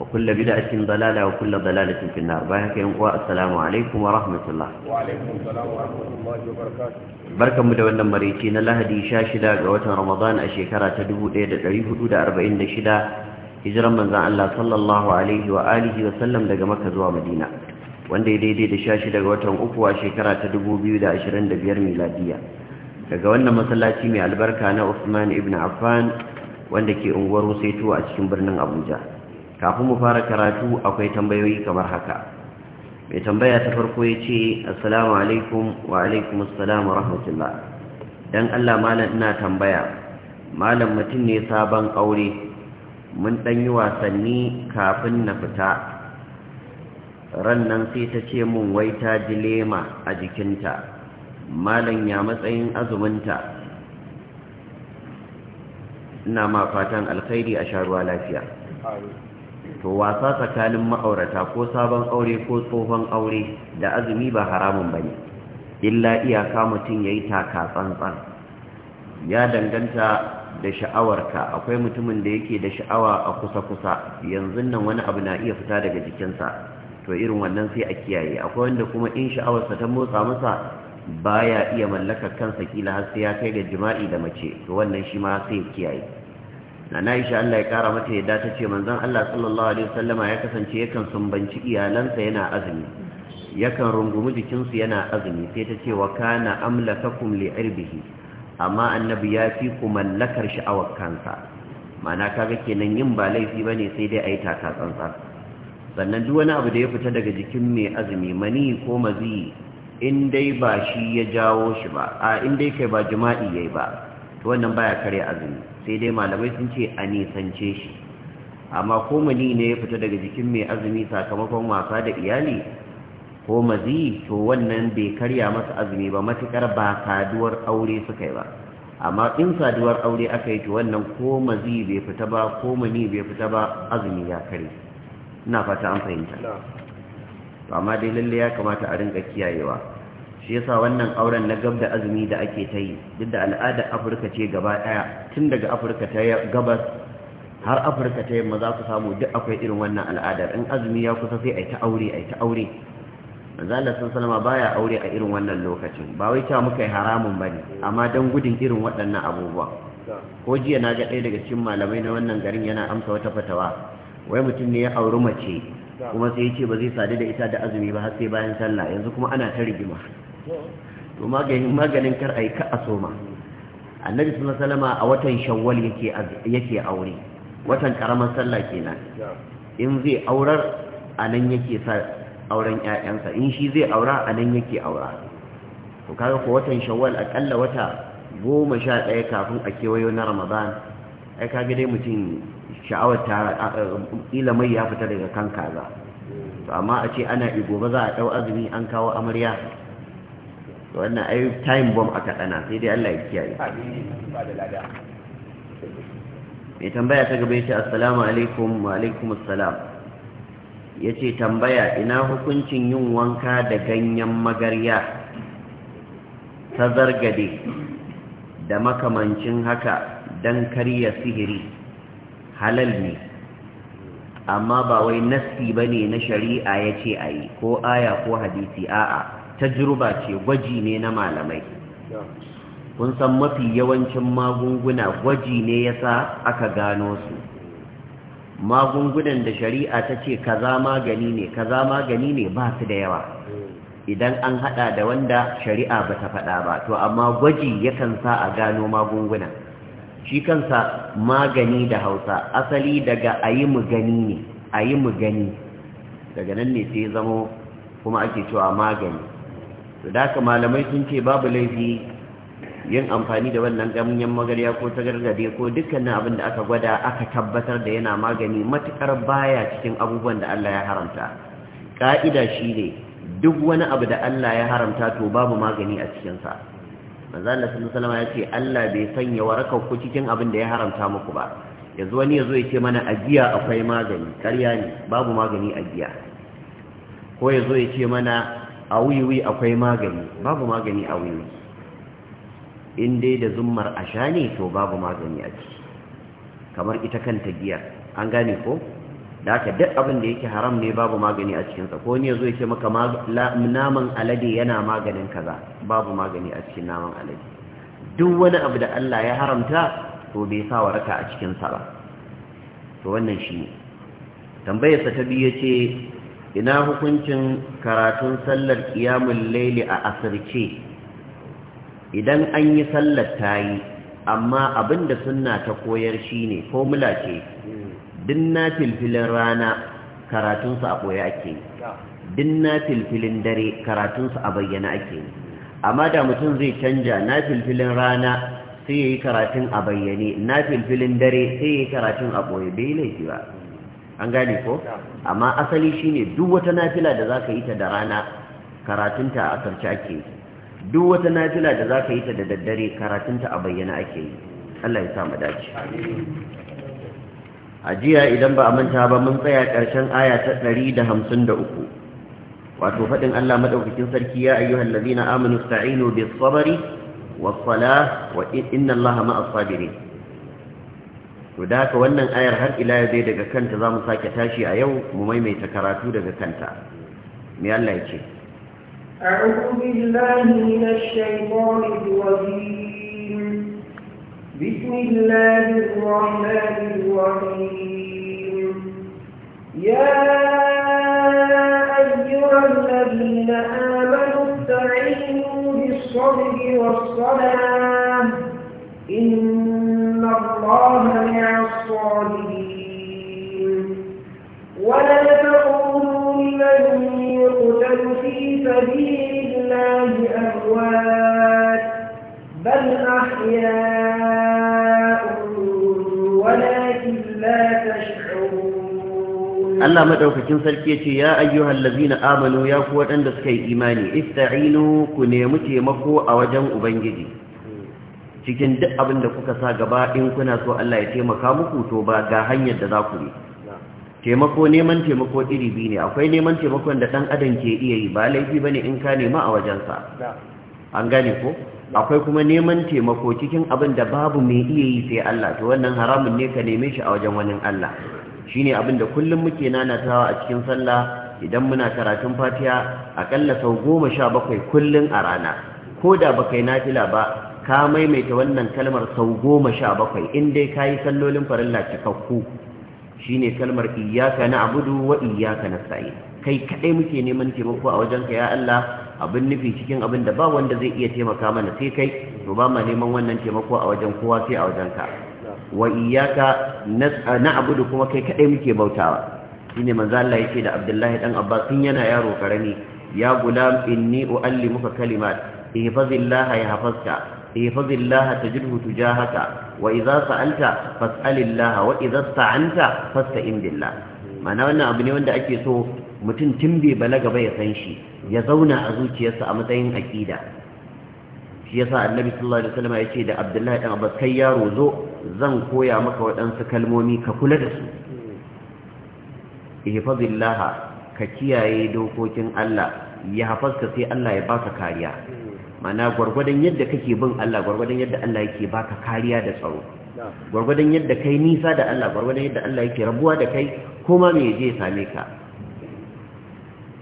وكل بدعة ضلالة وكل ضلالة في النار بارك ينقوى السلام عليكم ورحمة الله وعليكم السلام ورحمة الله وبركاته بركة مدونة مريتين الله دي شاشدة قوة رمضان أشيكرة تدبو ديدة ريه دودة أربعين دشدة هجرا من زعن الله صلى الله عليه وآله وسلم لقى مكة زوى مدينة وانده ديدة دي شاشدة قوة أقوى أشيكرة تدبو بيودة أشرين دبير ميلادية لقى وانا مسلاتي مع البركة أنا عثمان ابن عفان وانده كي انغورو سيتو أشكم برنن أبوجا kafin mu fara karatu akwai tambayoyi kamar haka mai tambaya ta farko ya ce assalamu alaikum wa alaikum assalam wa rahmatullah don allah malam ina tambaya malam mutum ne sabon aure mun ɗan yi wasanni kafin na fita Rannan sai ta ce mun wai ta ji lema a jikinta malam ya matsayin azuminta ina ma fatan alkhairi a sharuwa ruwa lafiya to wasa tsakanin ma'aurata ko sabon aure ko tsohon aure da azumi ba haramun ba ne? illa iyaka mutum yayi taka tsantsan ya danganta da sha'awarka akwai mutumin da yake da sha'awa a kusa-kusa yanzu nan wani abu na iya fita daga jikinsa to irin wannan sai a kiyaye akwai wanda kuma in sha'awarsa ta motsa masa baya iya mallakar kansa kila har sai ya kai ga jima'i da mace to wannan shi ma sai kiyaye na Aisha Allah ya kara mata yadda ta ce manzon Allah sallallahu alaihi wasallama ya kasance yakan sumbanci iyalansa yana azumi yakan rungumi jikinsu yana azumi sai ta ce wa kana amlakakum li irbihi amma annabi ya fi ku mallakar shi a kansa ma'ana kaga kenan yin ba laifi bane sai dai ayi taka tsantsa sannan duk wani abu da ya fita daga jikin mai azumi mani ko mazi in dai ba shi ya jawo shi ba a in dai kai ba jima'i yayi ba to wannan baya karya azumi sai dai malamai sun ce a nisance shi amma ko mani ne ya fita daga jikin mai azumi sakamakon wasa da iyali ko mazi to wannan bai karya masa azumi ba matukar ba saduwar aure suka yi ba amma in saduwar aure aka yi to wannan ko mazi bai fita ba ko mani bai fita ba azumi ya kare ina fata an fahimta amma dai lalle ya kamata a rinka kiyayewa shi yasa wannan auren na gab da azumi da ake ta yi duk da al'adar afirka ce gaba ɗaya tun daga afirka ta gabas har afirka ta yamma za ku samu duk akwai irin wannan al'adar in azumi ya kusa sai a yi ta aure a ta aure Allah sun salama baya aure a irin wannan lokacin ba wai ta muka yi haramun ba amma dan gudun irin waɗannan abubuwa ko jiya na ga ɗaya daga cikin malamai na wannan garin yana amsa wata fatawa wai mutum ne ya auri mace kuma sai ya ce ba zai sadu da ita da azumi ba har sai bayan sallah yanzu kuma ana ta rigima to maganin maganin kar ai ka asoma annabi sallallahu alaihi wasallam a watan shawwal yake yake aure watan karamar sallah kenan in zai aurar anan yake sa auren 'ya'yansa. in shi zai aura anan yake aura to kaga ko watan shawwal akalla wata goma sha ɗaya kafin a kewayo na ramadan ai kaga dai mutum sha'awar ta ila mai ya fita daga kan kaza to amma a ce ana igoba za a ɗau azumi an kawo amarya wannan ai time bomb aka dana sai dai Allah ya kiyaye mai tambaya ta gaba yace assalamu alaikum wa alaikum assalam yace tambaya ina hukuncin yin wanka da ganyen magarya ta zargade da makamancin haka dan karya sihiri halal ne amma ba wai nasi bane na shari'a yace ayi ko aya ko hadisi a'a tajruba ce gwaji ne na malamai kun san mafi yawancin magunguna gwaji ne yasa aka gano su magungunan da shari'a ta ce kaza magani ne kaza magani ne ba su da yawa idan an hada da wanda shari'a ba ta faɗa ba to amma gwaji yakan sa a gano magunguna shi kansa magani da hausa asali daga ayi mu gani ne ayi mu gani daga nan ne sai zamo kuma ake cewa magani to da malamai sun ce babu laifi yin amfani da wannan ganyen magarya ko ta gargade ko dukkanin abin da aka gwada aka tabbatar da yana magani matukar baya cikin abubuwan da Allah ya haramta ka'ida shi ne duk wani abu da Allah ya haramta to babu magani a cikinsa sa manzo Allah sallallahu alaihi ya ce Allah bai sanya waraka ku cikin abin da ya haramta muku ba yanzu wani yazo ya ce mana ajiya akwai magani karya ne babu magani ajiya ko yazo ya ce mana a wiwi akwai magani babu magani a wuyi in dai da zummar a sha ne to babu magani a ciki kamar ita kanta giya an gane ko da aka duk abin da yake haram ne babu magani a cikinsa ko ne zo yake maka naman alade yana maganin kaza babu magani a cikin naman alade duk wani abu da Allah ya haramta to bai sa waraka a cikinsa ba to wannan shi ne tambayarsa ta biyu ce ina hukuncin karatun sallar ƙiyamun laili a asirce idan an yi sallar ta yi amma abin da sunna ta koyar shi ne formula ce din na filfilin rana karatunsu a ɓoye ake din na filfilin dare karatunsu a bayyana ake amma da mutum zai canja na filfilin rana sai ya yi karatun a bayyane na filfilin dare sai ya yi karatun a ɓoye bai laifi ba an gane ko amma asali shine duk wata nafila da zaka yi ta da rana karatunta a asarci ake yi duk wata nafila da zaka yi ta da daddare karatunta a bayyana ake yi Allah ya sa mu dace ajiya idan ba a manta ba mun tsaya karshen aya ta 153 wato fadin Allah madaukakin sarki ya ayyuhal ladina amanu sta'inu bis sabri was salah wa inna Allaha ma'as sabirin to da haka wannan ayar har ila ya dai daga kanta za mu sake tashi a yau mu maimaita karatu daga kanta me Allah yake ce أعوذ بالله من الشيطان الرجيم بسم الله الرحمن الرحيم يا أيها الذين آمنوا استعينوا بالصبر إن الله مع الصالحين ولا تقولوا لمن يقتل في سبيل الله أموات بل أحياء ولكن لا تشعرون الله مدعوكتين سلكيتي يا أيها الذين آمنوا يا قوة أندسكي إيماني استعينوا كنيمتي مكو أوجم أبنجدي cikin duk abin da kuka sa gaba in kuna so Allah ya taimaka muku to ba ga hanyar da za ku yi taimako neman taimako iri biyu ne akwai neman taimakon da ɗan adam ke iya yi ba laifi bane in ka nema a wajensa an gane ko akwai kuma neman taimako cikin abin da babu mai iya yi sai Allah to wannan haramun ne ka neme shi a wajen wani Allah shine abin da kullum muke nanatawa a cikin sallah idan muna karatun fatiya, akalla sau goma sha bakwai kullum a rana ko da baka yi nafila ba ka maimaita wannan kalmar sau goma sha bakwai in dai ka yi sallolin farilla cikakku shi ne kalmar iyaka na abudu wa iyaka na sa'i kai kaɗai muke neman taimako a wajenka ya Allah abin nufi cikin abin da ba wanda zai iya taimaka mana sai kai to ba ma neman wannan taimako a wajen kowa sai a wajenka wa iyaka na abudu kuma kai kaɗai muke bautawa shi ne manzo Allah yake da Abdullahi dan Abbas tun yana yaro karami ya gulam inni uallimuka kalimat ihfazillaha yahfazka احفظ الله تجده تجاهك وإذا سألت فاسأل الله وإذا استعنت فاستئن بالله معنى وانا أبني وانا أكي سو متن تنبي بلغ بي سنشي يزونا أزوتي يسا أمتين أكيدا شيسا النبي صلى الله عليه وسلم يشي دا عبد الله أنا بس كيارو زو زن كويا مكا وأنس كلمومي ككل دسو احفظ الله كتيا يدو كوتين الله يحفظك سي الله يباسك كاريا mana gwargwadon yadda kake bin Allah gwargwadon yadda Allah yake baka kariya da tsaro gwargwadon yadda kai nisa da Allah gwargwadon yadda Allah yake rabuwa da kai kuma me je same ka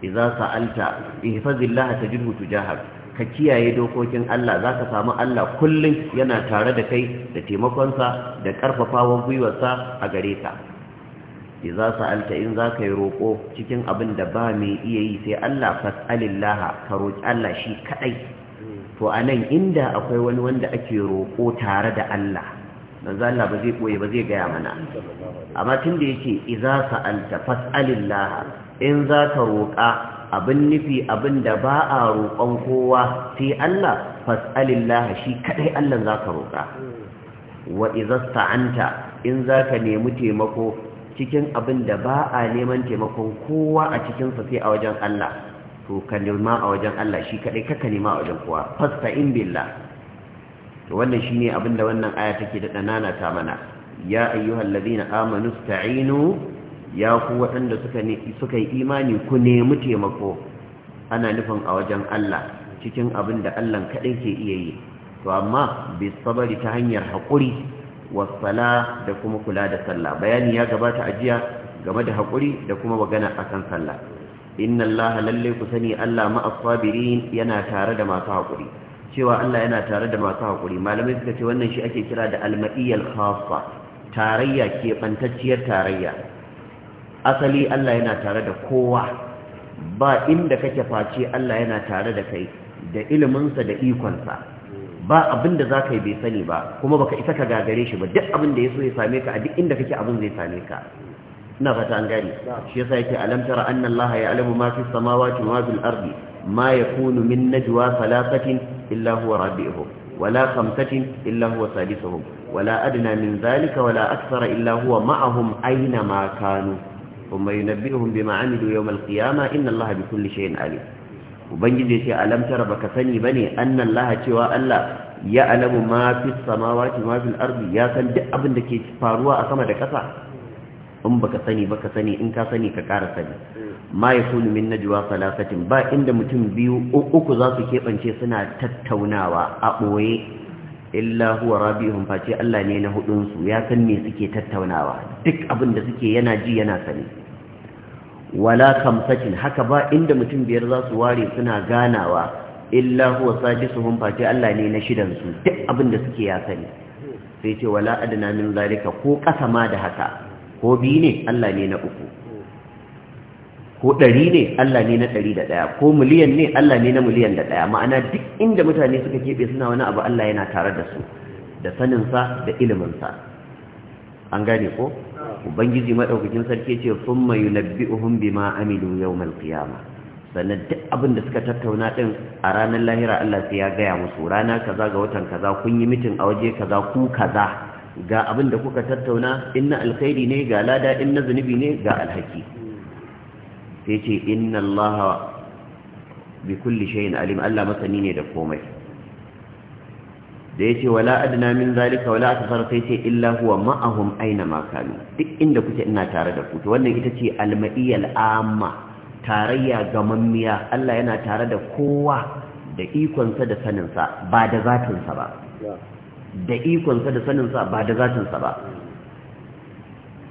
idza sa'alta ihfazillaha tajidhu tujahak ka kiyaye dokokin Allah zaka samu Allah kullun yana tare da kai da taimakon sa da karfafawan gwiwarsa a gare ka idza sa'alta in zaka yi roko cikin abin da ba mai iya yi sai Allah fas'alillaha ka roki Allah shi kadai to a nan inda akwai wani wanda ake roƙo tare da Allah manzo Allah ba zai ɓoye ba zai gaya mana amma tunda yake idza sa'alta fas'alillah in za ka roƙa abin nufi abin da ba a roƙon kowa sai Allah fas'alillah shi kadai Allah za ka roƙa wa idza sa'anta in za ka nemi taimako cikin abin da ba a neman taimakon kowa a sa sai a wajen Allah to ka nema a wajen Allah shi kadai kaka nema a wajen kowa fasta in billah to wannan shine abinda wannan aya take da nanata ta mana ya ayyuhal ladina amanu sta'inu ya ku waɗanda suka suka yi imani ku nemi taimako ana nufin a wajen Allah cikin abin da Allah kadai ke iya yi to amma bi sabari ta hanyar hakuri wasala da kuma kula da sallah bayani ya gabata a jiya game da hakuri da kuma magana akan sallah inna allaha lalle ku sani allah ma'as sabirin yana tare da masu haƙuri cewa allah yana tare da masu haƙuri malamai suka ce wannan shi ake kira da almaiyal khafa tarayya ke bantacciyar tarayya asali allah yana tare da kowa ba inda kake face allah yana tare da kai da iliminsa da ikonsa ba abin da za ka yi bai sani ba kuma baka isa ka gagare shi ba duk abin da ya so ya same ka a duk inda kake abin zai same ka ina fata an gane shi yasa yake alam tara anna Allah ya'lamu ma fi samawati wa fil ardi ma yakunu min najwa thalathatin illa huwa rabi'uhum wala khamsatin illa huwa sadisuhum wala adna min dhalika wala akthara illa huwa ma'ahum aina ma kanu thumma yunabbi'uhum bima 'amilu yawm al-qiyamah inna Allah bi kulli shay'in alim ubangiji yace alam tara baka sani bane anna Allah cewa Allah ya alamu ma fi samawati ma fil ardi ya san duk abin da ke faruwa a sama da ƙasa in baka sani baka sani in ka sani ka ƙara sani ma ya kuni min salasatin ba inda mutum biyu uku za su keɓance suna tattaunawa a ɓoye illa huwa rabihum face Allah ne na hudunsu, ya san me suke tattaunawa duk abin da suke yana ji yana sani wala kamsatin haka ba inda mutum biyar za su ware suna ganawa illa huwa sadisuhum face Allah ne na shidan su duk abin da suke ya sani sai ce wala adana min zalika ko kasa da haka ko biyu ne Allah ne na uku ko ɗari ne Allah ne na ɗari da ɗaya ko miliyan ne Allah ne na miliyan da ɗaya ma'ana duk inda mutane suka keɓe suna wani abu Allah yana tare da su da saninsa da iliminsa an gane ko ubangiji maɗaukakin sarki ce sun mayu nabbi'uhum bima amilu yawmal qiyama sannan duk abin da suka tattauna din a ranar lahira Allah sai ya gaya musu rana kaza ga watan kaza kun yi mitin a waje kaza ku kaza ga abin da kuka tattauna in na alkhairi ne ga lada in na zunubi ne ga alhaki sai ce inna allaha bi kulli shay'in alim Allah masani ne da komai da yace wala adna min zalika wala akthar sai ce illa huwa ma'ahum aina ma kanu duk inda kuke ina tare da ku to wannan ita ce almaiyyal amma tarayya ga mammiya Allah yana tare da kowa da ikonsa da saninsa ba da zatinsa ba da ikonsa da saninsa ba da zatinsa ba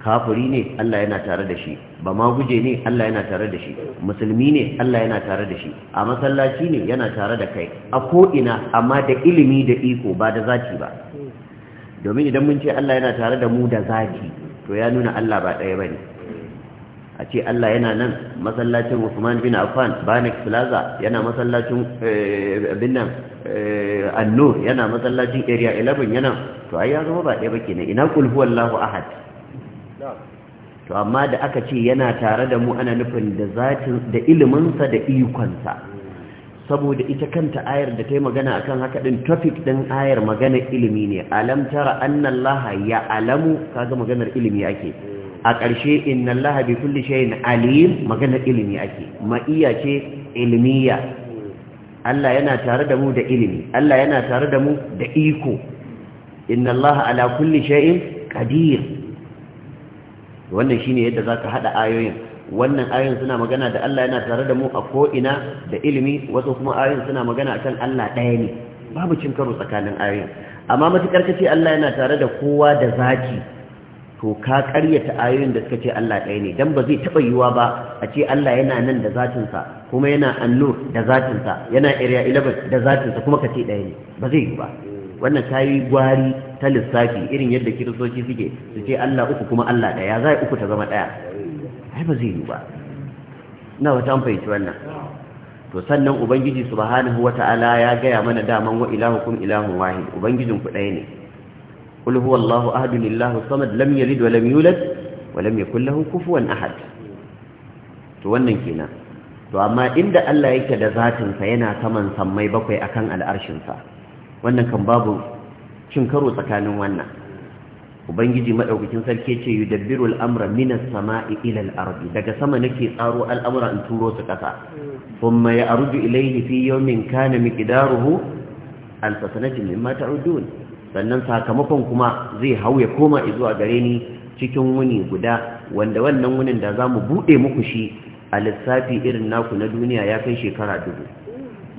Kafuri ne Allah yana tare da shi ba ma guje ne Allah yana tare da shi musulmi ne Allah yana tare da shi a masallaci ne yana tare da kai a ko'ina amma da ilimi da iko ba da zati ba domin idan mun ce Allah yana tare da mu da zaki, to ya nuna Allah ba ɗaya ba ne a ce Allah yana nan masallacin Usman bin Affan Banik Plaza yana masallacin eh, abin nan eh, yana masallacin Area 11 yana to ai ya zama ba ɗaya ba kenan ina kul huwallahu ahad to amma da aka ce yana tare da mu ana nufin da zatin da iliminsa da ikonsa saboda ita kanta ayar da ta yi magana akan haka din topic din ayar magana ilimi ne alam tara annallaha ya alamu kaga maganar ilimi ake a ƙarshe inna allaha bi kulli shay'in alim magana ilimi ake ma'iya ce ilmiya Allah yana tare da mu da ilimi Allah yana tare da mu da iko inna allaha ala kulli shay'in qadir wannan shine yadda zaka hada ayoyin wannan ayoyin suna magana da Allah yana tare da mu a ko ina da ilimi wasu kuma ayoyin suna magana akan Allah ɗaya ne babu cin karo tsakanin ayoyin amma matukar kace Allah yana tare da kowa da zaki to ka karyata ayoyin da suka ce Allah ɗaya ne dan ba zai taɓa yiwuwa ba a ce Allah yana nan da zatinsa kuma yana annur da zatinsa yana area 11 da zatinsa kuma ka ce ɗaya ne ba zai yiwu ba wannan ta yi gwari ta lissafi irin yadda kiristoci suke su ce Allah uku kuma Allah ɗaya za uku ta zama ɗaya ai ba zai yiwu ba na wata an fahimci wannan to sannan ubangiji subhanahu wata'ala ya gaya mana daman wa ilahukum ilahun wahid ubangijin ku ɗaya ne قل هو الله أحد الله الصمد لم يلد ولم يولد ولم يكن له كفوا أحد to wannan kenan to amma inda Allah yake da zatin sa yana saman sammai bakwai akan al'arshin wannan kan babu cin karo tsakanin wannan ubangiji madaukakin sarki yace yudabbiru al'amra minas sama'i ila al-ardi daga sama nake tsaro al'amura in turo su kasa thumma ya'rudu ilayhi fi yawmin kana miqdaruhu alf sanati mimma ta'udun sannan sakamakon kuma zai hau ya koma zuwa gare ni cikin wuni guda wanda wannan wunin da za mu buɗe muku shi a lissafi irin naku na duniya ya kai shekara dubu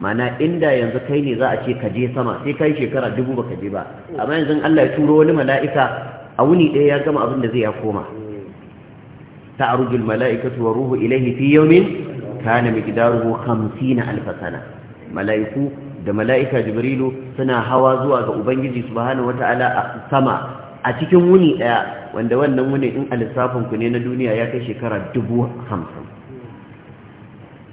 mana inda yanzu kai ne za a ce ka je sama sai kai shekara dubu baka je ba amma yanzu Allah ya turo wani mala'ika a wuni ɗaya ya gama abin da zai ya koma ta'arujul mala'ikatu wa ruhu ilaihi fi yawmin kana miqdaruhu 50 alf sana mala'iku da mala'ika jibrilu suna hawa zuwa ga ubangiji subhanahu wata'ala a sama a cikin wuni daya wanda wannan wuni in alisafin ku ne na duniya ya kai shekara hamsin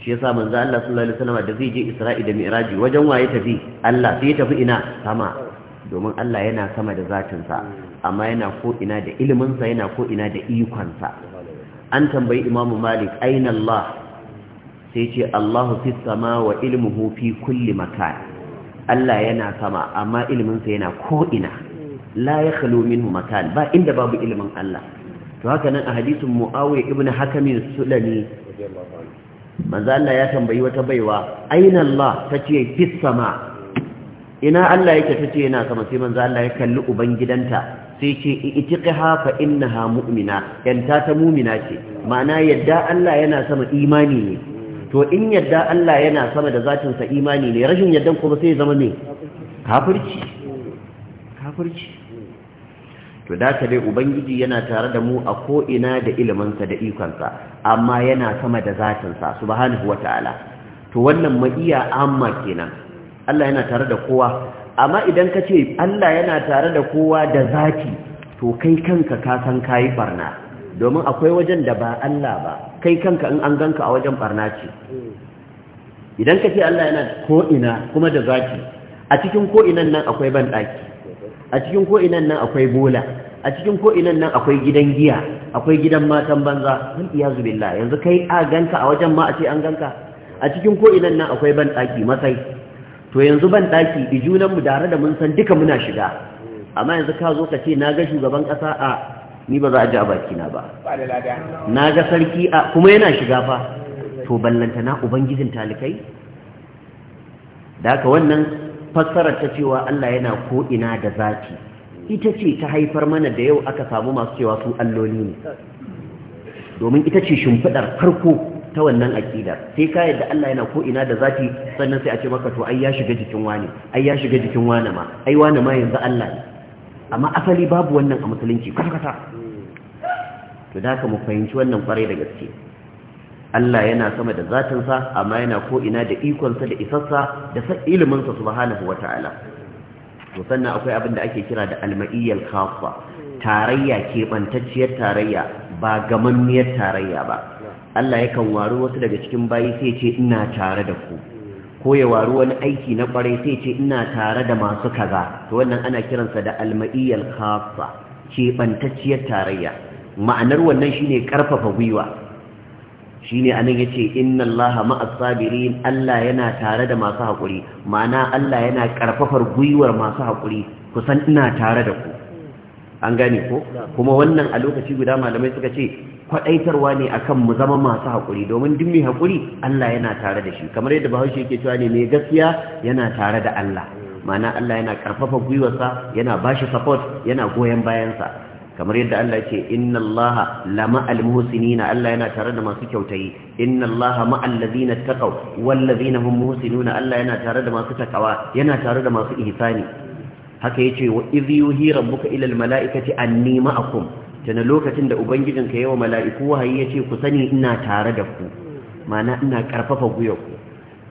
shi yasa manzo Allah sallallahu alaihi wasallam da zai je Isra'i da Mi'raji wajen waye tafi Allah sai ya tafi ina sama domin Allah yana sama da zatinsa amma yana ko ina da iliminsa yana ko ina da ikonsa an tambayi imamu malik aina Allah sai ce Allahu fi sama wa ilmuhu fi kulli makan Allah yana sama amma ilminsa yana ko'ina la ya khalo minhu makan ba inda babu ilmin Allah to haka nan a hadisin mu'awai ibn hakamin sulami manzo Allah ya tambayi wata baiwa aina Allah tace fi sama ina Allah yake tace yana sama sai manzo Allah ya kalli ubangidanta. sai ce itiqaha fa innaha mu'mina yanta ta mu'mina ce ma'ana yadda Allah yana sama imani ne to in yadda Allah yana sama da zatinsa imani ne rashin yaddan kuma sai ya zama ne kafirci kafirci to da ka dai ubangiji yana tare da mu a ko'ina da iliminsa da ikonsa amma yana sama da zatinsa subhanahu wata'ala to wannan ma'iya amma kenan Allah yana tare da kowa amma idan ka ce Allah yana tare da kowa da zati to kai kanka ka san kayi barna domin akwai wajen da ba Allah ba kai kanka in an ganka a wajen barna ce idan ka ce Allah yana ko'ina kuma da zaki a cikin ko'inan nan akwai banɗaki a cikin ko'inan nan akwai bola a cikin ko'inan nan akwai gidan giya akwai gidan matan banza sun iya zubilla yanzu kai a ganka a wajen ma a ce an ganka a cikin ko'inan nan akwai banɗaki matsayi to yanzu banɗaki da junanmu tare da mun san duka muna shiga amma yanzu ka zo ka ce na ga shugaban ƙasa a ni ba za a ji a baki na ba na ga sarki a kuma yana shiga fa to ballanta na ubangijin talikai da aka wannan fassarar ta cewa Allah yana ko'ina da zaki ita ce ta haifar mana da yau aka samu masu cewa su alloli ne domin ita ce shimfiɗar farko ta wannan aƙidar sai ka yadda Allah yana ko'ina da zaki sannan sai a ce maka to ai ya shiga jikin wani ai ya shiga jikin wani ma ai wani ma yanzu Allah ne amma asali babu wannan a musulunci kwata-kwata to da mu fahimci wannan kwarai da gaske Allah yana sama da zatinsa amma yana ko ina da ikonsa da isassa da sa iliminsa subhanahu wata'ala to sannan akwai abin da ake kira da almaiyyal khaffa tarayya keɓantacciyar tarayya ba gamammiyar tarayya ba Allah yakan waru wasu daga cikin bayi sai ce ina tare da ku ko ya waru wani aiki na kwarai sai ce ina tare da masu kaza to wannan ana kiransa da almaiyyal ke bantacciyar tarayya ma'anar wannan shine karfafa gwiwa shine anan yace inna allaha ma'as sabirin Allah yana tare da masu hakuri ma'ana Allah yana karfafar gwiwar masu hakuri kusan ina tare da ku an gane ko kuma wannan a lokaci guda malamai suka ce kwadaitarwa ne akan mu zama masu hakuri domin duk mai hakuri Allah yana tare da shi kamar yadda Bahaushe yake cewa ne mai gaskiya yana tare da Allah ma'ana Allah yana karfafa gwiwarsa yana bashi support yana goyen bayansa kamar yadda Allah ya ce inna Allah lama almuhsinina Allah yana tare da masu kyautayi inna Allah ma'al ladina taqaw wal ladina hum muhsinuna Allah yana tare da masu takawa yana tare da masu ihsani haka yace wa idh yuhi rabbuka ila al mala'ikati anni ma'akum tana lokacin da ubangijin ka yawa mala'iku wahayi yace ku sani ina tare da ku ma'ana ina karfafa guyar ku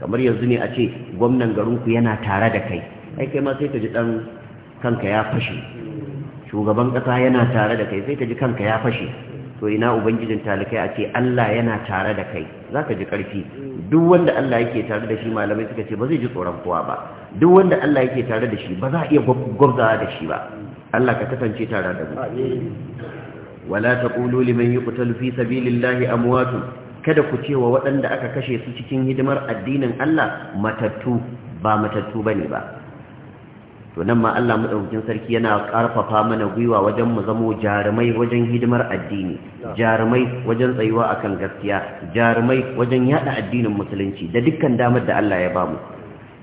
kamar yanzu ne a ce gwamnan garinku yana tare da kai ai kai ma sai ka ji dan kanka ya fashe shugaban ƙasa yana tare da kai sai ka ji kanka ya fashe to ina ubangijin talikai a ce Allah yana tare da kai za ka ji ƙarfi duk wanda Allah yake tare da shi malamai suka ce ba zai ji tsoron kowa ba duk wanda Allah yake tare da shi ba za a iya gwabzawa da shi ba Allah ka kasance tare da mu wala taqulu liman yuqtalu fi sabilillahi amwatu. kada ku cewa waɗanda aka kashe su cikin hidimar addinin Allah matattu ba matattu bane ba to nan ma Allah madaukakin sarki yana karfafa mana gwiwa wajen mu zamo jarumai wajen hidimar addini jarumai wajen tsayuwa akan gaskiya jarumai wajen yada addinin musulunci da dukkan damar da Allah ya bamu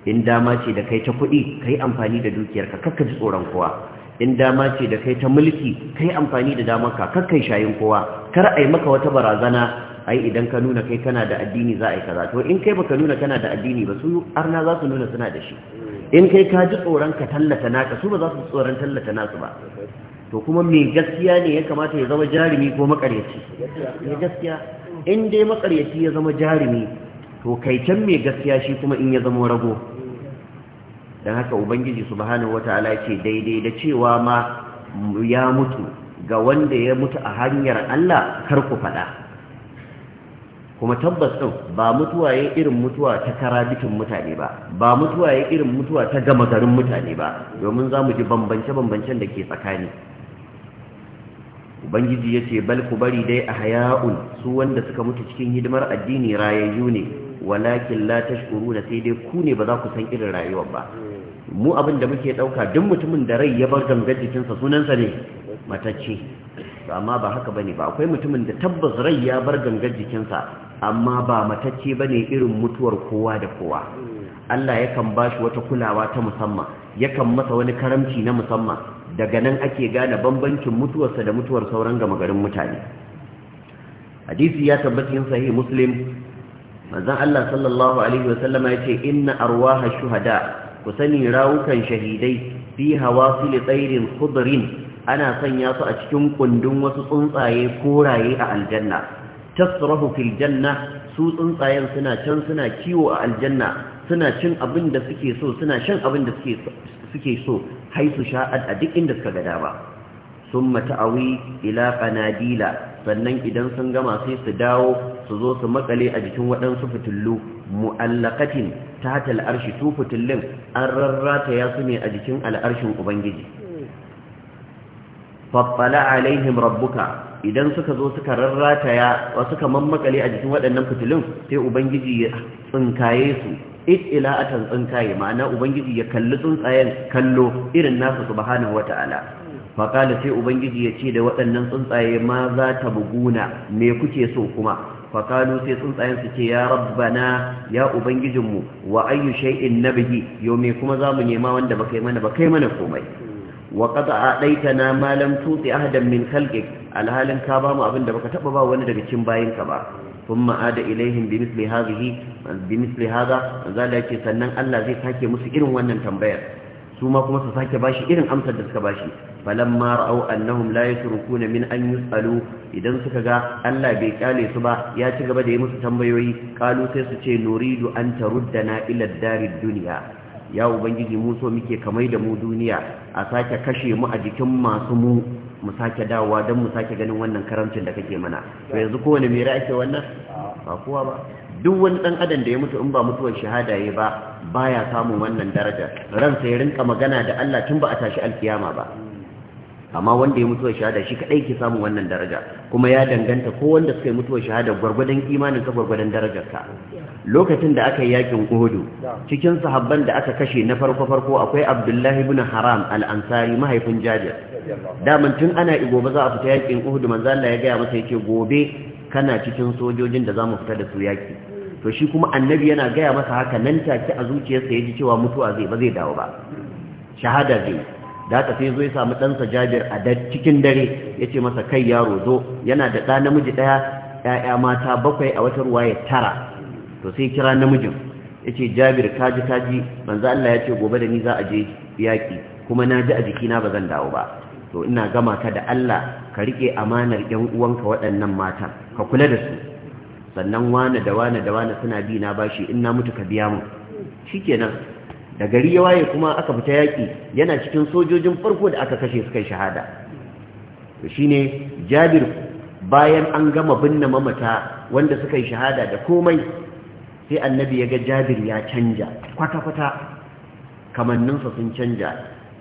in dama ce da kai ta kuɗi kai amfani da dukiyarka kakka ji tsoron kowa in dama ce da kai ta mulki kai amfani da damar kakka yi shayin kowa kar ai maka wata barazana ai idan ka nuna kai kana da addini za a yi kaza to in kai baka nuna kana da addini ba su arna za su nuna suna da shi in kai ka ji tsoron ka tallata naka su ba za su tsoron tallata nasu ba to kuma mai gaskiya ne ya kamata ya zama jarumi ko makaryaci mai gaskiya in dai makaryaci ya zama jarumi to kai can mai gaskiya shi kuma in ya zama rago dan haka ubangiji subhanahu wataala ce daidai da cewa ma ya mutu ga wanda ya mutu a hanyar Allah kar ku faɗa kuma tabbas ɗin ba mutuwa ya irin mutuwa ta karabitin mutane ba ba mutuwa ya irin mutuwa ta gama garin mutane ba domin za mu ji bambance-bambancen da ke tsakani ubangiji ya ce bal ku bari dai a haya'un su wanda suka mutu cikin hidimar addini rayayyu ne walakin la tashkuru da sai dai ku ne ba za ku san irin rayuwar ba mu abin da muke ɗauka duk mutumin da rai ya bar gangar jikinsa sunansa ne matacce su amma ba haka bane ba akwai mutumin da tabbas rai ya bar gangar jikinsa amma ba matacce ne irin mutuwar kowa da kowa Allah yakan shi wata kulawa ta musamman yakan masa wani karamci na musamman daga nan ake gane bambancin mutuwarsa da mutuwar sauran gama garin mutane hadisi ya tabbata yin sahih muslim manzon Allah sallallahu alaihi wasallam ya ce inna arwaha shuhada ku sani rawukan shahidai fi hawasil tsairin kudurin. ana sanya su a cikin kundin wasu tsuntsaye koraye a aljanna tasrahu fil janna su tsuntsayen suna can suna kiwo a aljanna suna cin abin da suke so suna shan abin da suke so haisu sha'ad a duk inda suka ga dama summa ta'awi ila qanadila sannan idan sun gama sai su dawo su zo su makale a jikin waɗansu fitullu mu'allaqatin ta hatal arshi su fitullin an rarrata ya su ne a jikin al'arshin ubangiji fattala alaihim rabbuka idan suka zo suka rarrataya wa suka mammakale a jikin waɗannan fitilun sai ubangiji ya tsinkaye su it ila atan tsinkaye ma'ana ubangiji ya kalli tsuntsayen kallo irin nasu subhanahu wata'ala Fakalu sai ubangiji ya ce da waɗannan tsuntsaye ma za ta buguna me kuke so kuma Fakalu sai tsuntsayen su ce ya rabbana ya ubangijinmu wa ayyu shay'in nabihi yau me kuma za mu nema wanda ba mana ba kai mana komai wa ɗaita na malam lam tuti ahadan min khalqik alhalin ka bamu abin da baka taba ba wani daga cikin bayinka ba ثم da إليهم بمثل هذه بمثل هذا ذلك سنن الله زي sake musu irin wannan tambayar Suma kuma su sake bashi irin amsar da suka bashi mar'au ra'aw annahum la yatrukuna min an yusalu idan suka ga Allah bai kyale su ba ya ci gaba da yi musu tambayoyi kalu sai su ce nuridu an na ilar darid duniya. ya ubangiji mu so muke kamai da mu duniya a sake kashe mu a jikin masu mu mu sake dawowa don mu sake ganin wannan karamcin da kake mana to yanzu kowane mai ra'ayi wannan ba kowa ba duk wani dan adam da ya mutu in ba mutuwar shahada yayi ba baya samun wannan daraja ran ya rinka magana da Allah tun ba a tashi alkiyama ba amma wanda ya mutuwa shahada shi kadai ke samun wannan daraja kuma ya danganta ko wanda suka yi mutuwa shahada gwargwadon imanin ka gwargwadon darajarka lokacin da aka yi yakin uhudu cikin sahabban da aka kashe na farko farko akwai abdullahi ibn haram al-ansari mahaifin jabir daman tun ana gobe za a fita yakin uhudu manzo Allah ya gaya masa yake gobe kana cikin sojojin da za mu fita da su yaki to shi kuma annabi yana gaya masa haka nan take a zuciyarsa yaji cewa mutuwa zai ba zai dawo ba shahada zai da sai zo ya samu ɗansa jabir a cikin dare ya ce masa kai yaro zo yana da ɗa namiji ɗaya ‘ya'ya mata bakwai a wata ruwa ya tara to sai kira namijin ya ce jabir kaji kaji manzo Allah ya ce gobe da ni za a je yaƙi kuma na ji a jikina ba zan dawo ba to ina gama ka da Allah ka riƙe amanar ‘yan uwanka waɗannan mata, ka kula da su sannan wane da wane da wane suna bi na bashi in na mutu ka biya mu shikenan da gari ya waye kuma aka fita yaƙi yana cikin sojojin farko da aka kashe su shahada to shine jabir bayan an gama binne mamata wanda suka yi shahada da komai sai annabi ya ga jabir ya canja kwata-kwata kamanninsa sun canja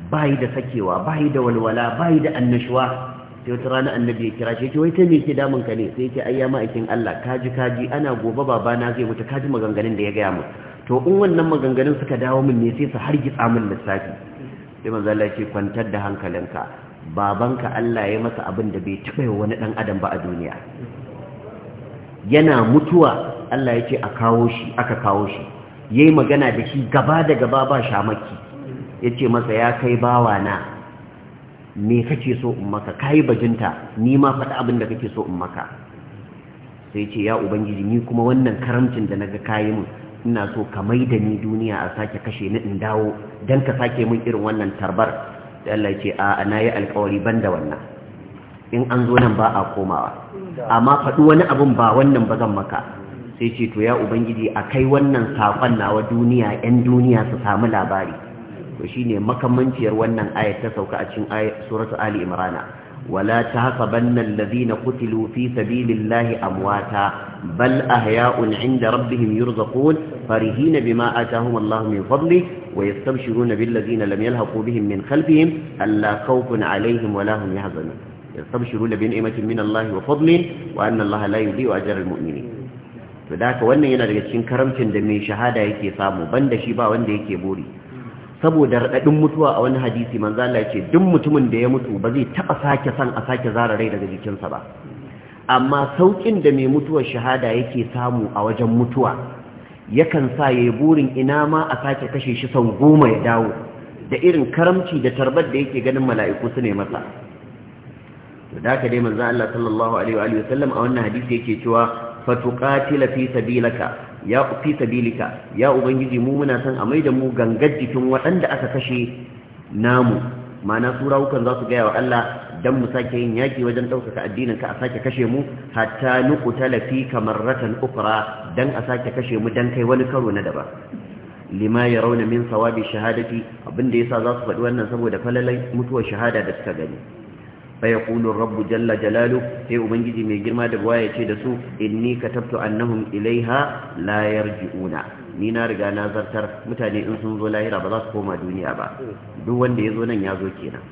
bayi da sakewa bayi da walwala bayi da annashuwa sai wata rana annabi ya kira shi ce wai ta me ke damun ka ne sai ya ayyama aikin Allah kaji kaji ana gobe babana zai mutu kaji maganganun da ya gaya mu to in wannan maganganun suka dawo min ne sai su hargitsa min lissafi sai manzo Allah ya kwantar da hankalinka babanka Allah ya masa abin da bai taba yi wani dan adam ba a duniya yana mutuwa Allah ya ce a kawo shi aka kawo shi yayi magana da shi gaba da gaba ba shamaki yace ce masa ya kai bawa na me kake so in maka ka yi bajinta ni ma faɗi abin da kake so in maka sai ce ya ubangiji ni kuma wannan karamcin da naga kayi mun ina so ka mai da ni duniya a sake kashe ni in dawo don ka sake mun irin wannan tarbar da Allah ce a na yi alkawari ban da wannan in an zo nan ba a komawa amma faɗi wani abun ba wannan ba zan maka sai ce to ya ubangiji a kai wannan saƙon nawa duniya 'yan duniya su samu labari to shine makamanciyar wannan ayat ta sauka a cikin suratu ali imrana ولا تحسبن الذين قتلوا في سبيل الله أمواتا بل أحياء عند ربهم يرزقون فرحين بما آتاهم الله من فضله ويستبشرون بالذين لم يلحقوا بهم من خلفهم ألا خوف عليهم ولا هم يحزنون يستبشرون بنعمة من الله وفضل وأن الله لا يضيع أجر المؤمنين فذاك wannan yana daga cikin karamcin da mai shahada yake samu banda shi ba wanda yake buri saboda raɗaɗin mutuwa a wani hadisi manzo Allah ce duk mutumin da ya mutu ba zai taɓa sake san a sake zara rai daga jikinsa ba amma saukin da mai mutuwar shahada yake samu a wajen mutuwa yakan sa ya yi burin ina ma a sake kashe shi sau goma ya dawo da irin karamci da tarbar da yake ganin mala'iku su ne masa to da ka dai manzo Allah sallallahu alaihi wa sallam a wannan hadisi yake cewa fatuqatila fi sabilaka ya fi sabilika ya ubangiji mu muna son a mai da mu gangar jikin waɗanda aka kashe namu Mana su rawukan za su gaya wa Allah dan mu sake yin yaki wajen ɗaukaka addinin ka a sake kashe mu hatta talafi kamar ratan ukra dan a sake kashe mu dan kai wani karo na daba lima rauna min sawabi shahadati abinda yasa za su faɗi wannan saboda falalai mutuwar shahada da suka gani فيقول الرب جل جلاله في ya ce da su, تدسو إني كتبت Annahum ilaiha layar ji'una. ni na riga na zartar mutane in sun zo lahira ba za su koma duniya ba duk wanda ya zo nan ya zo kenan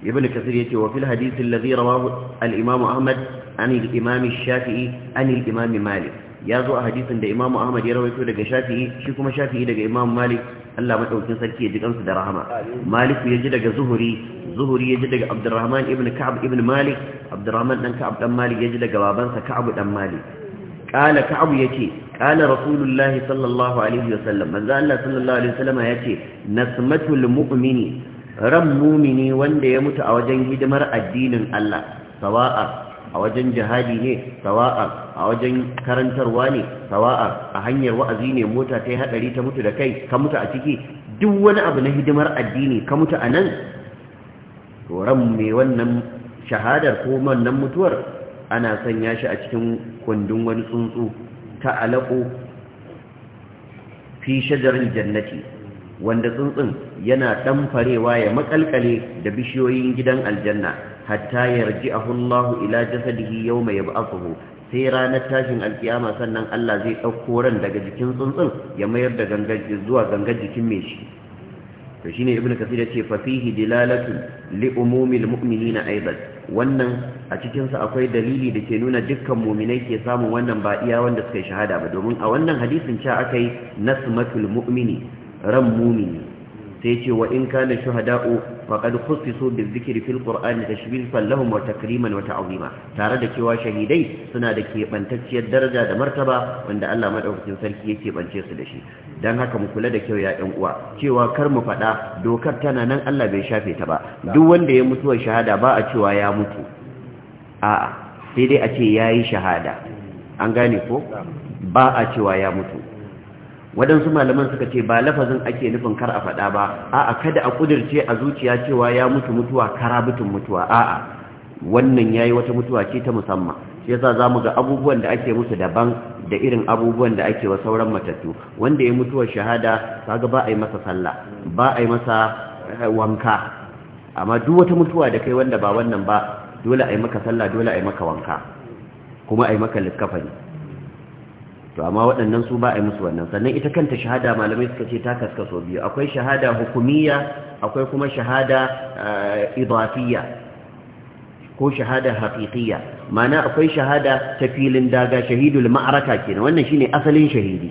ibnu kasir yace wa fil hadith alladhi rawahu al imam ahmad an al imam shafi'i an al imam malik ya zo a hadisin da imam ahmad ya rawaito daga shafi'i shi kuma shafi'i daga imam malik Allah madaukin sarki ya ji kansu da rahama malik ya ji daga zuhuri zuhuri ya ji daga abdurrahman ibn ka'ab ibn malik abdurrahman dan ka'ab dan malik ya ji daga babansa ka'ab dan malik kala ka'ab yace kala rasulullahi sallallahu alaihi wasallam manzo Allah sallallahu alaihi wasallam yace nasmatul mu'mini ran mumini wanda ya mutu a wajen hidimar addinin Allah sawa'a a wajen jihadi ne sawa'a a wajen karantarwa ne sawa'a a hanyar wa'azi ne mota ta yi hadari ta mutu da kai ka mutu a ciki duk wani abu na hidimar addini ka mutu a nan to ran mai wannan shahadar ko wannan mutuwar ana sanya shi a cikin kundin wani tsuntsu ta alaƙo fi shajarin jannati wanda tsuntsun yana ɗanfarewa ya makalkale da bishiyoyin gidan aljanna hatta yarji ahullahu ila jasadihi yau mai yab'athuhu sai ranar tashin alkiyama sannan Allah zai ɗauko ran daga jikin tsuntsun ya mayar da gangar zuwa gangar jikin mai shi to shine ibnu kasir yace fa fihi dilalatu li umumil mu'minina aidan wannan a cikin sa akwai dalili da ke nuna dukkan mu'minai ke samun wannan ba iya wanda suka shahada ba domin a wannan hadisin cha akai nasmatul mu'mini ran mu'mini sai ce wa in kana shuhada'u faqad khussisu bizikri fil qur'an tashbihatan lahum wa takriman wa ta'zima tare da cewa shahidai suna da kebantacciyar daraja da martaba wanda Allah madaukakin sarki yake bance su da shi dan haka mu kula da kyau ya ɗan uwa cewa kar mu faɗa dokar tana nan Allah bai shafe ta ba duk wanda ya mutuwa shahada ba a cewa ya mutu a'a sai dai a ce ya yi shahada an gane ko ba a cewa ya mutu waɗansu malaman suka ce ba lafazin ake nufin kar a faɗa ba a'a kada a kudirce a zuciya cewa ya mutu mutuwa karabutun mutuwa a'a wannan yayi wata mutuwa ce ta musamman shi yasa zamu ga abubuwan da ake musu daban da irin abubuwan da ake wa sauran matattu wanda ya mutuwar shahada kaga ba a yi masa sallah ba a yi masa eh, wanka amma duk wata mutuwa da kai wanda ba wannan ba dole a yi maka sallah dole a yi maka wanka kuma a yi maka likafani to amma waɗannan su ba a yi musu wannan sannan ita kanta shahada malamai suka ce ta kaskaso biyu akwai shahada hukumiyya akwai kuma shahada eh, idafiyya ko shahada haƙiƙiya mana akwai shahada ta filin daga shahidul ma'araka kenan wannan shine asalin shahidi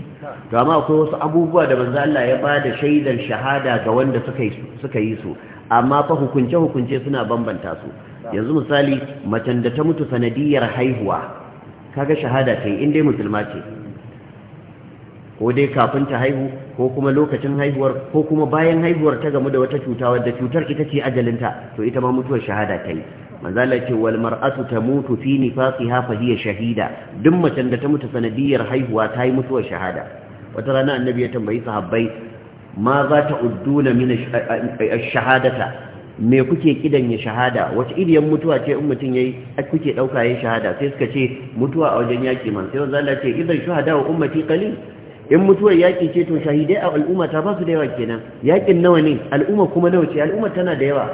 to amma akwai wasu abubuwa da manzo Allah ya bada shaidar shahada ga wanda suka yi suka yi su amma fa hukunce hukunce suna bambanta su yanzu misali macen da ta mutu sanadiyar haihuwa kaga shahada ta in dai musulma ce ko dai kafin ta haihu ko kuma lokacin haihuwar ko kuma bayan haihuwar ta gamu da wata cuta wadda cutar ita ce ajalinta to ita ma mutuwar shahada ta yi manzala ce wal mar'atu tamutu fi nifasiha fa hiya shahida duk macen da ta mutu sanadiyar haihuwa ta yi mutuwar shahada wata rana annabi ya tambayi sahabbai ma za ta udduna min shahadata me kuke kidan ya shahada wace iriyan mutuwa ce in mutum yayi kuke dauka yayin shahada sai suka ce mutuwa a wajen yaki man sai manzala ce idan shuhada wa ummati qalil in mutuwar yaki ce to shahidai a al'umma ta ba su da yawa kenan yakin nawa ne al'umma kuma nawa ce al'umma tana da yawa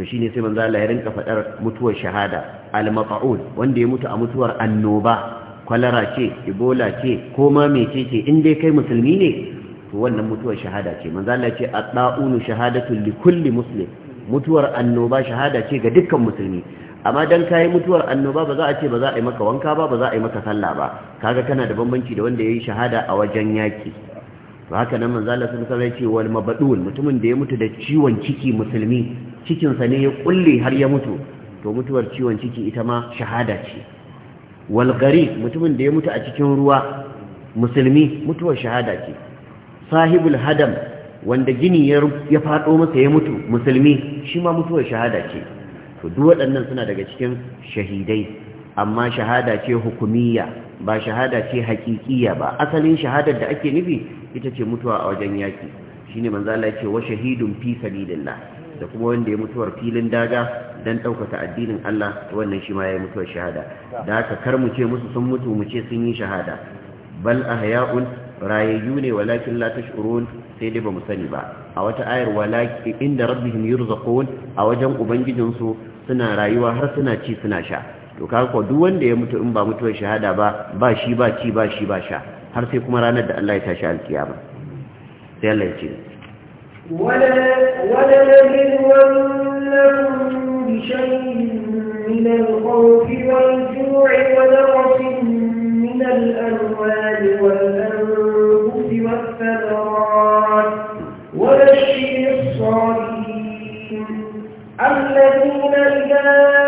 to shine sai manzo Allah ya rinka fadar mutuwar shahada al-mat'ud wanda ya mutu a mutuwar annoba kwalara ce ibola ce ko ma mece ce in dai kai musulmi ne to wannan mutuwar shahada ce manzo Allah ce at-ta'unu shahadatu likulli kulli muslim mutuwar annoba shahada ce ga dukkan musulmi amma dan kai mutuwar annoba ba za a ce ba za a yi maka wanka ba ba za a yi maka sallah ba kaga kana da bambanci da wanda yayi shahada a wajen yaki to haka nan manzo Allah sun ce wal mabdul mutumin da ya mutu da ciwon ciki musulmi cikinsa ne ya kulle har ya mutu to mutuwar ciwon ciki ita ma shahada ce walgari mutumin da ya mutu a cikin ruwa musulmi mutuwar shahada ce sahibul hadam wanda gini ya faɗo masa ya mutu musulmi shi ma mutuwar shahada ce to duk waɗannan suna daga cikin shahidai amma shahada ce hukumiyya ba shahada ce haƙiƙiya ba asalin shahadar da ake nufi ita ce mutuwa a wajen yaki shine manzo Allah ya ce wa shahidun fi sabilillah da kuma wanda ya mutuwar filin daga don ɗaukata addinin Allah wannan shi ma ya yi mutuwar shahada da haka kar mu ce musu sun mutu mu ce sun yi shahada bal ahya'un rayayyu ne walakin la sai dai ba mu sani ba a wata ayar walakin inda rabbihim yurzaqun a wajen ubangijinsu suna rayuwa har suna ci suna sha to kaga ko duk wanda ya mutu in ba mutuwar shahada ba ba shi ba ci ba shi ba sha har sai kuma ranar da Allah ya tashi alkiyama sai Allah ya ce ولا ولنبلونكم بشيء من الخوف والجوع ونقص من الأموال والأنفس والثمرات وبشر الصالحين الذين إذا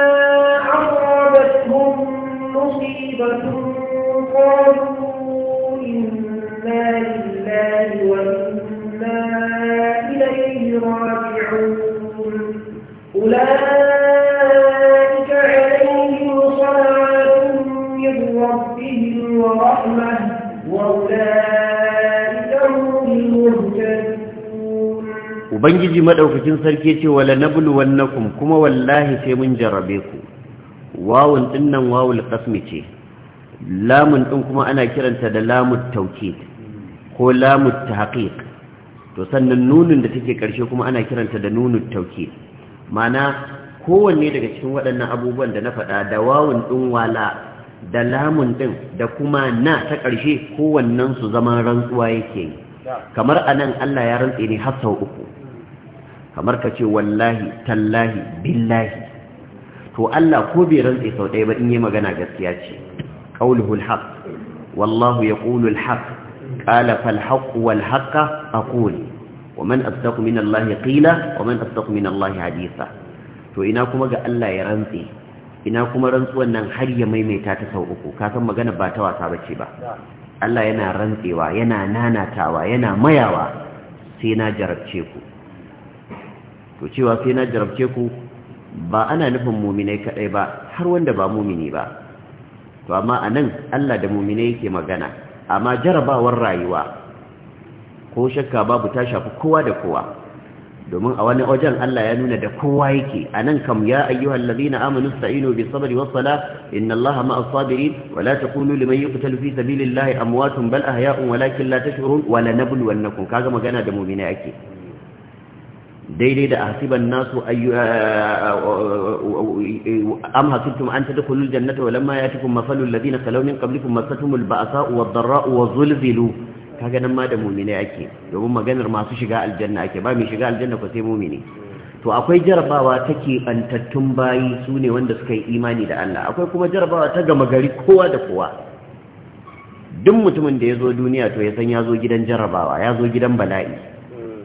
ubangiji madaukakin sarki ce wala nablu wannakum kuma wallahi sai mun jarrabe ku wawun dinnan wawul qasmi ce lamun din kuma ana kiranta da lamut tawkid ko lamut tahqiq to sannan nunun da take karshe kuma ana kiranta da nunut tauke. mana kowanne daga cikin waɗannan abubuwan da na faɗa da wawun din wala da lamun ɗin da kuma na ta ƙarshe kowannen su zaman rantsuwa yake yi kamar a nan Allah ya rantse ne har sau uku kamar ka ce wallahi tallahi billahi to Allah ko bai rantse sau ɗaya ba in yi magana gaskiya ce qauluhu alhaq wallahu yaqulu alhaq qala falhaq walhaq aqul waman asdaqu min Allah qila waman asdaqu min Allah haditha to ina kuma ga Allah ya rantse ina kuma rantsuwan nan har ya maimaita ta sau uku ka san magana ba ta wasa bace ba Allah yana rantsewa yana nanatawa yana mayawa sai na jarabce ku to cewa sai na jarabce ku ba ana nufin muminai kadai ba har wanda ba mumini ba to amma anan Allah da muminai yake magana amma jarabawar rayuwa ko shakka babu ta shafi kowa da kowa domin a wani wajen Allah ya nuna da kowa yake anan kam ya ayyuhal ladina amanu sta'inu bis sabri was sala inna Allaha ma'as sabirin wa la takunu liman yuqtalu fi sabilillahi amwatun bal ahya'un walakin la tash'urun wa lanabluwannakum kaga magana da muminai ake? daidai da hasiban nasu am hasibtum an tadkhulul jannata walamma yatikum mathalul ladina khalaw min qablikum massatumul ba'sa'u wad-dharra'u wa-zulzilu kaga nan ma da mu'mini ake domin maganar masu shiga aljanna ake ba mai shiga aljanna ko sai mu'mini to akwai jarabawa take antattun bayi sune wanda suka yi imani da Allah akwai kuma jarabawa ta gama gari kowa da kowa duk mutumin da ya zo duniya to ya san ya zo gidan jarabawa ya zo gidan bala'i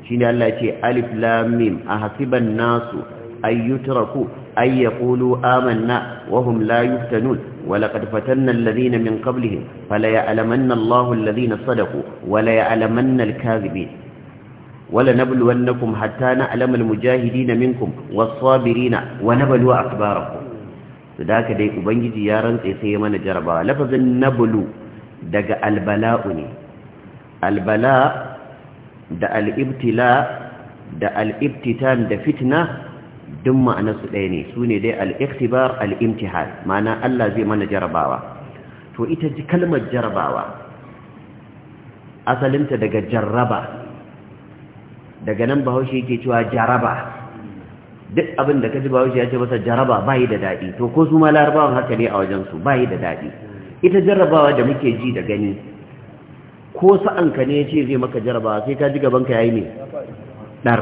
shine Allah ce alif lamim mim hasiban nasu ayyutraku ay yaqulu amanna wa la yuftanun wa laqad fatanna min qablihim fala ya'lamanna Allahu alladhina sadaqu wa la ya'lamanna al-kadhibin wala nabluwannakum hatta alamar al-mujahidina minkum was a wa Su da sadaka dai ubangiji ya rantse sai mana jarabawa lafazin bulu daga albala'u ne albala da al'ibtila da al'ibtitan da fitna duk ma'anarsu ɗaya ne su ne dai al'iktibar al'imtihar ma'ana Allah zai mana jarabawa to ita ji kalmar jarabawa asalinta daga jarraba daga nan bahaushe yake cewa jaraba duk abin da ka ji bahaushe ya ce masa jaraba ba yi da daɗi to ko su ma larabawan haka ne a wajensu ba yi da daɗi ita jarrabawa da muke ji da gani ko sa'anka ne ya ce zai maka jaraba sai ka ji gabanka ya yi ne ɗar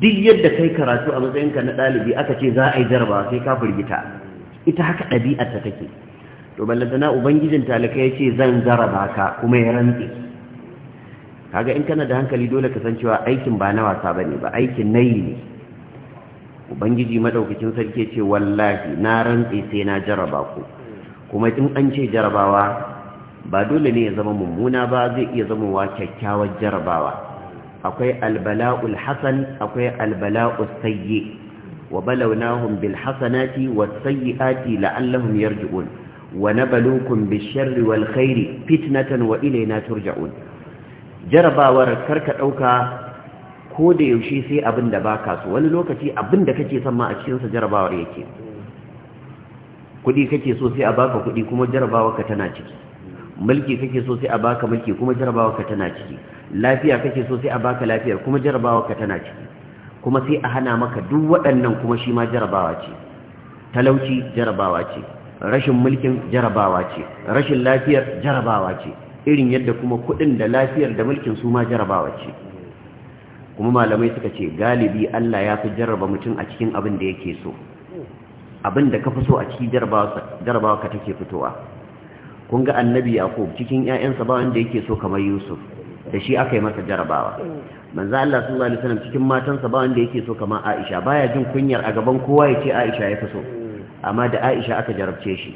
duk yadda kai karatu a matsayinka na ɗalibi aka ce za a yi jaraba sai ka firgita ita haka ɗabi'arta take to na ubangijin talaka ya ce zan jaraba ka kuma ya rantse kaga in kana da hankali dole ka san cewa aikin ba na wasa ba ne ba aikin na yi ne ubangiji maɗaukacin sarki ce wallahi na rantse sai na jaraba ku kuma in an ce jarabawa ba dole ne ya zama mummuna ba zai iya zama wa kyakkyawar jarabawa akwai albala'ul hasan akwai albala'ul sayyi wa balawnahum bil hasanati was sayyiati la'allahum yarji'un wa wal khairi fitnatan wa ilayna turja'un jarabawar karka dauka ko da yaushe sai abin da baka so wani lokaci abin da kake son ma a cikin sa jarabawar yake kudi kake so sai a baka kudi kuma jarabawar ka tana ciki mulki kake so sai a baka mulki kuma jarabawa ka tana ciki lafiya kake so sai a baka lafiyar kuma jarabawa ka tana ciki kuma sai a hana maka duk waɗannan kuma shi ma jarabawa ce talauci jarabawa ce rashin mulkin jarabawa ce rashin lafiyar jarabawa ce irin yadda kuma kuɗin da lafiyar da mulkin su ma jarabawa ce kuma malamai suka ce galibi Allah ya fi jarraba mutum a cikin abin da yake so abin da ka fi so a cikin jarabawa ka take fitowa kun ga annabi yaqub cikin 'ya'yansa ba wanda yake so kamar yusuf da shi aka yi masa jarabawa manzo Allah sallallahu alaihi wasallam cikin matansa ba wanda yake so kamar Aisha baya jin kunyar a gaban kowa yace Aisha ya fi so amma da Aisha aka jarabce shi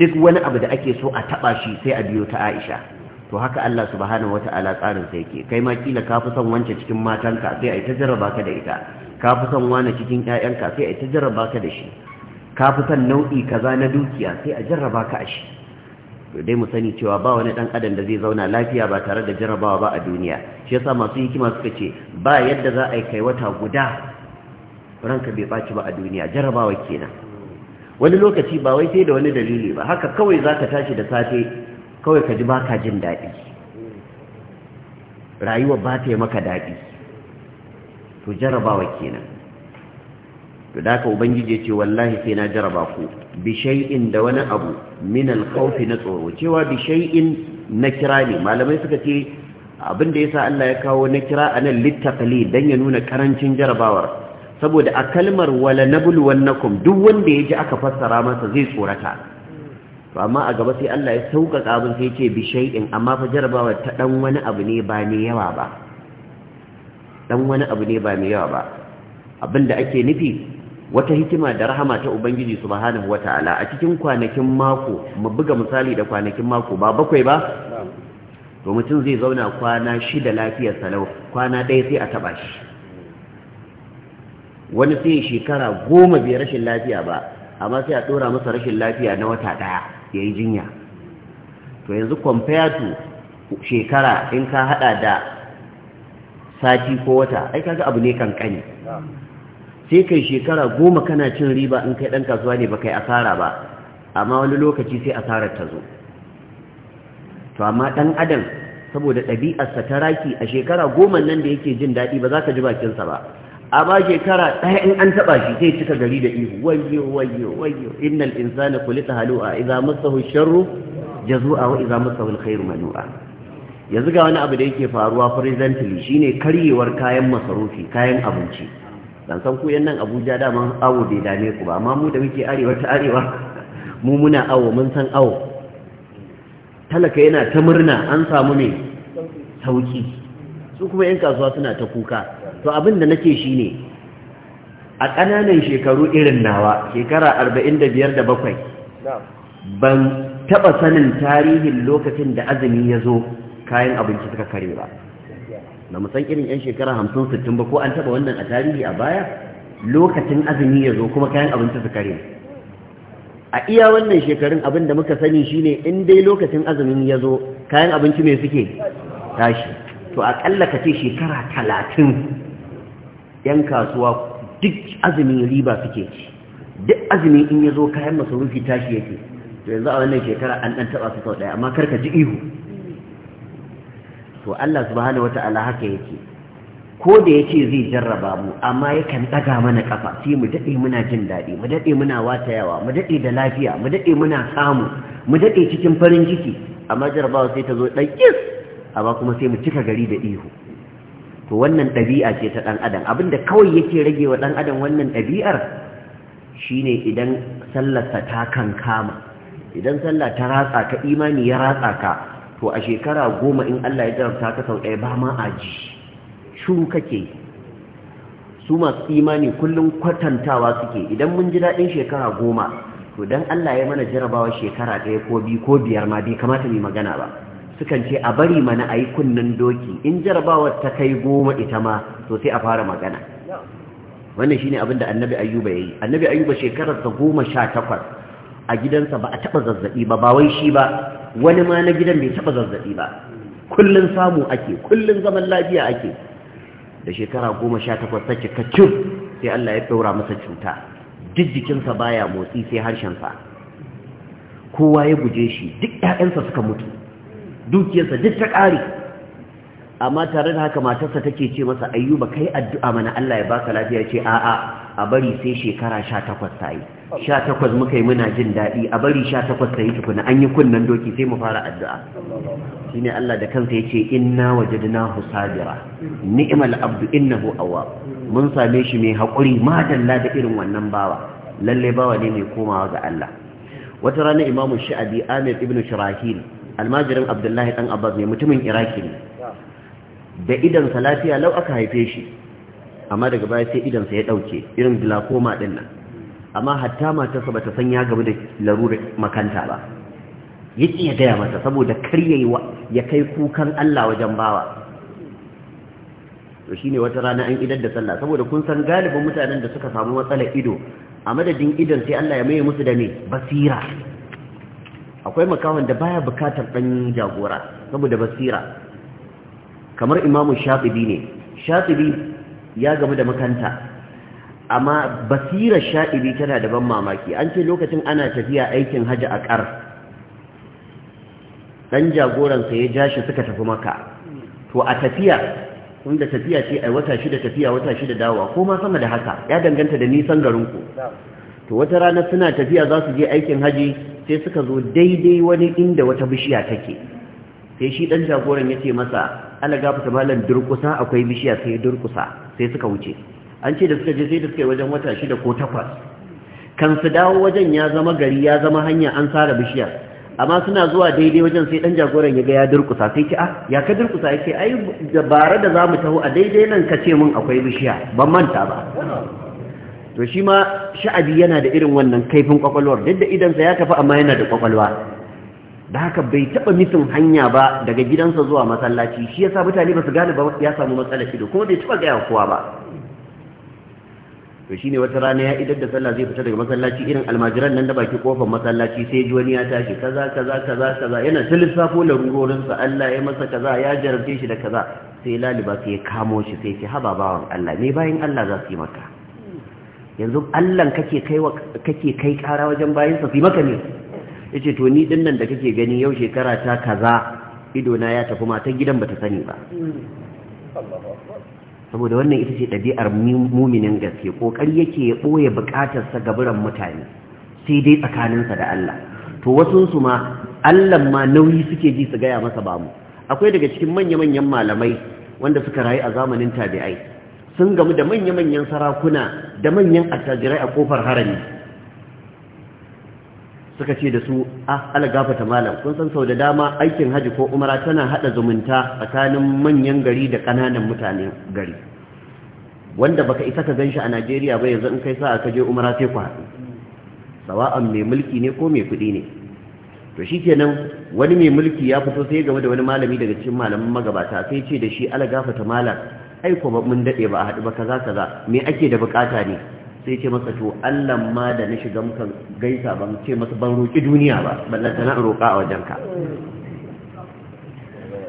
duk wani abu da ake so a taɓa shi sai a biyo ta Aisha to haka Allah subhanahu wataala tsarin sa yake kai ma kila ka fi son wance cikin matanka sai ai ta jarraba ka da ita ka fi son wane cikin 'ya'yanka sai ai ta jarraba ka da shi ka fi son nau'i kaza na dukiya sai a jarraba ka a shi to dai mu sani cewa ba wani dan adam da zai zauna lafiya ba tare da jarabawa ba a duniya shi yasa masu hikima suka ce ba yadda za a yi kai wata guda ranka bai baci ba a duniya jarabawa kenan wani lokaci ba wai sai da wani dalili ba haka kawai zaka tashi da safe kawai ka ji baka jin daɗi rayuwa ba ta yi maka daɗi to jarabawa kenan to da haka ubangiji ce wallahi sai na jaraba ku bishai'in da wani abu min alkhawfi na tsoro cewa bishai'in na kira ne malamai suka ce abin da sa Allah ya kawo na kira a nan littaqli dan ya nuna karancin jarabawar saboda a kalmar wala na wannakum duk wanda ya ji aka fassara masa zai tsorata to amma a gaba sai Allah ya sauka kabin sai ce bishai'in amma fa jarabawar ta dan wani abu ne ba ne yawa ba dan wani abu ne ba ne yawa ba abin ake nufi wata hikima da rahama ta ubangiji subhanahu wataala a cikin kwanakin mako mu buga misali da kwanakin mako ba bakwai ba to mutum zai zauna kwana shida lafiyar salau kwana ɗaya sai a taɓa shi wani sai shekara goma bai rashin lafiya ba amma sai a ɗora masa rashin lafiya na wata ɗaya ya yi jinya to yanzu compare to shekara in ka haɗa da sati ko wata ai kaga abu ne kankani sai kai shekara goma kana cin riba in kai ɗan kasuwa ne ba kai asara ba amma wani lokaci sai asarar ta zo to amma ɗan adam saboda ɗabi'arsa ta raki a shekara goma nan da yake jin daɗi ba za ka ji bakinsa ba amma shekara ɗaya in an taɓa shi zai cika gari da ihu wayyo wayyo wayyo innal insana kulita halu'a idza masahu sharru jazu'a wa idza masahu alkhairu manu'a yanzu ga wani abu da yake faruwa presently shine karyewar kayan masarufi kayan abinci ban san ku nan abuja dama awo bai dame ku ba amma mu da muke arewa ta arewa mu muna awo mun san awo talaka yana ta murna an samu ne sauki su kuma yan kasuwa suna ta kuka to abin da nake shi ne a ƙananan shekaru irin nawa shekara arba'in da biyar da bakwai ban taɓa sanin tarihin lokacin da azumi ya zo kayan abinci suka kare ba ba mu san irin yan shekara hamsin sittin ba ko an taɓa wannan a tarihi a baya lokacin azumi ya zo kuma kayan abinci su kare a iya wannan shekarun abin da muka sani shine in dai lokacin azumin ya zo kayan abinci mai suke tashi to aƙalla ka ce shekara talatin yan kasuwa duk azumin riba suke ci duk azumin in ya zo kayan masarufi tashi yake to yanzu a wannan shekara an ɗan taɓa su sau ɗaya amma karka ji ihu to Allah subhanahu wata'ala haka yake ko da yake zai jarraba mu amma yakan daga mana kafa sai mu dade muna jin dadi mu dade muna watayawa mu dade da lafiya mu dade muna samu mu dade cikin farin ciki amma jarrabawa sai ta zo dan kis amma kuma sai mu cika gari da ihu to wannan ɗabi'a ce ta ɗan adam abinda kawai yake rage wa ɗan adam wannan ɗabi'ar shine idan sallarsa ta kan kama idan sallar ta ratsa ka imani ya ratsa ka to a shekara goma in Allah ya jarabta ka sau ɗaya ba ma aji shuru kake su masu imani kullum kwatantawa suke idan mun ji daɗin shekara goma to don Allah ya mana jarabawa shekara ɗaya ko biyu ko biyar ma bai kamata mai magana ba sukan ce a bari mana a yi kunnen doki in jarabawar ta kai goma ita ma to sai a fara magana wannan shine abin da annabi ayyuba ya yi annabi ayyuba shekararsa goma sha takwas a gidansa ba a taɓa zazzaɓi ba ba wai shi ba wani ma na gidan bai taɓa zazzabi ba kullum samu ake kullum zaman lafiya ake da shekara goma sha takwas ta cika cin sai Allah ya ɗaura masa cuta duk jikinsa baya motsi sai harshensa kowa ya guje shi duk ƴaƴansa suka mutu dukiyarsa duk ta ƙare amma tare da haka matarsa take ce masa ayyuba kai addu'a mana Allah ya baka lafiya ce a'a a bari sai shekara sha takwas ta yi sha takwas muka yi muna jin daɗi a bari sha takwas ta yi tukuna an yi kunnan doki sai mu fara addu'a shi ne Allah da kansa ya ce waje da na husabira? Ni'imal abdu innahu awwab mun same shi mai haƙuri madalla da irin wannan bawa lalle bawa ne mai komawa ga Allah wata rana imamu sha'abi amir ibn shirahil almajirin abdullahi Ɗan abbas mai mutumin iraki ne da idan lafiya lau aka haife shi amma daga baya sai idan sa ya ɗauke, irin glaucoma ɗin nan amma hatta matarsa bata san ya gabu da larurar makanta ba yake ya gaya mata saboda karyewa ya kai kukan Allah wajen bawa to shine wata rana an idar da sallah saboda kun san galibin mutanen da suka samu matsalar ido a madadin idan sai Allah ya maye musu da me basira akwai makawan da baya bukatar dan jagora saboda basira kamar imamu shafibi ne shafibi ya gamu da makanta amma basirar sha'ibi tana da ban mamaki an ce lokacin ana tafiya aikin hajji a ƙar ɗan jagoransa ya ja shi suka tafi maka to a tafiya inda tafiya ce a wata shida tafiya wata shida dawowa ko ma sama da haka ya danganta da nisan garinku to wata rana suna tafiya za su je aikin hajji sai suka zo daidai wani inda wata bishiya take sai shi ɗan jagoran ya ce masa ala gafata malam durƙusa akwai bishiya sai durƙusa sai suka wuce an ce da suka je sai da suka yi wajen wata shida ko takwas kan su dawo wajen ya zama gari ya zama hanya an sare bishiyar amma suna zuwa daidai wajen sai dan jagoran ya ga ya durkusa sai ce ah ya ka durkusa yake ai dabara da zamu taho a daidai nan ka ce mun akwai bishiya ban manta ba to shi ma sha'abi yana da irin wannan kaifin kwakwalwar duk da idan sa ya tafi amma yana da kwakwalwa da haka bai taba mitin hanya ba daga gidansa zuwa masallaci shi yasa mutane ba su gane ba ya samu matsalar ido kuma bai taba gaya kowa ba to shine wata rana ya idar da sallah zai fita daga masallaci irin almajiran nan da baki kofar masallaci sai ji wani ya tashi kaza kaza kaza kaza yana ta lissafo rurorin sa Allah ya masa kaza ya jarabce shi da kaza sai laliba sai ya kamo shi sai ki haba bawan Allah me bayin Allah za su yi maka yanzu Allah kake kai kake kai kara wajen bayin sa su yi maka ne yace to ni din nan da kake gani yau shekara ta kaza ido na ya tafi ta gidan bata sani ba saboda wannan ita ce ɗabi'ar muminin gaske ƙoƙari yake ya ɓoye buƙatarsa gaburan mutane sai dai tsakaninsa da Allah to wasunsu ma Allah ma nauyi suke ji su gaya masa bamu akwai daga cikin manya-manyan malamai wanda suka rayu a zamanin tabi'ai sun gamu da manya-manyan sarakuna da manyan attajirai a kofar harami suka ce da su a ah, ala gafata malam kun san sau da dama aikin haji ko umara tana hada zumunta tsakanin manyan gari da kananan mutane gari wanda baka isa ka ganshi a Najeriya ba yanzu in kai sa ka je umara sai ku haɗu sawa'an mai mulki ne ko mai kuɗi ne to shi kenan, wani mai mulki ya fito sai game da wani malami daga cikin malaman magabata sai ce da shi ala gafata malam ai ko mun daɗe ba a haɗu ba kaza kaza me ake da bukata ne sai ce masa to Allah ma da na shiga muka gaisa ba mu ce masa ban roƙi duniya ba ballanta na roƙa a wajenka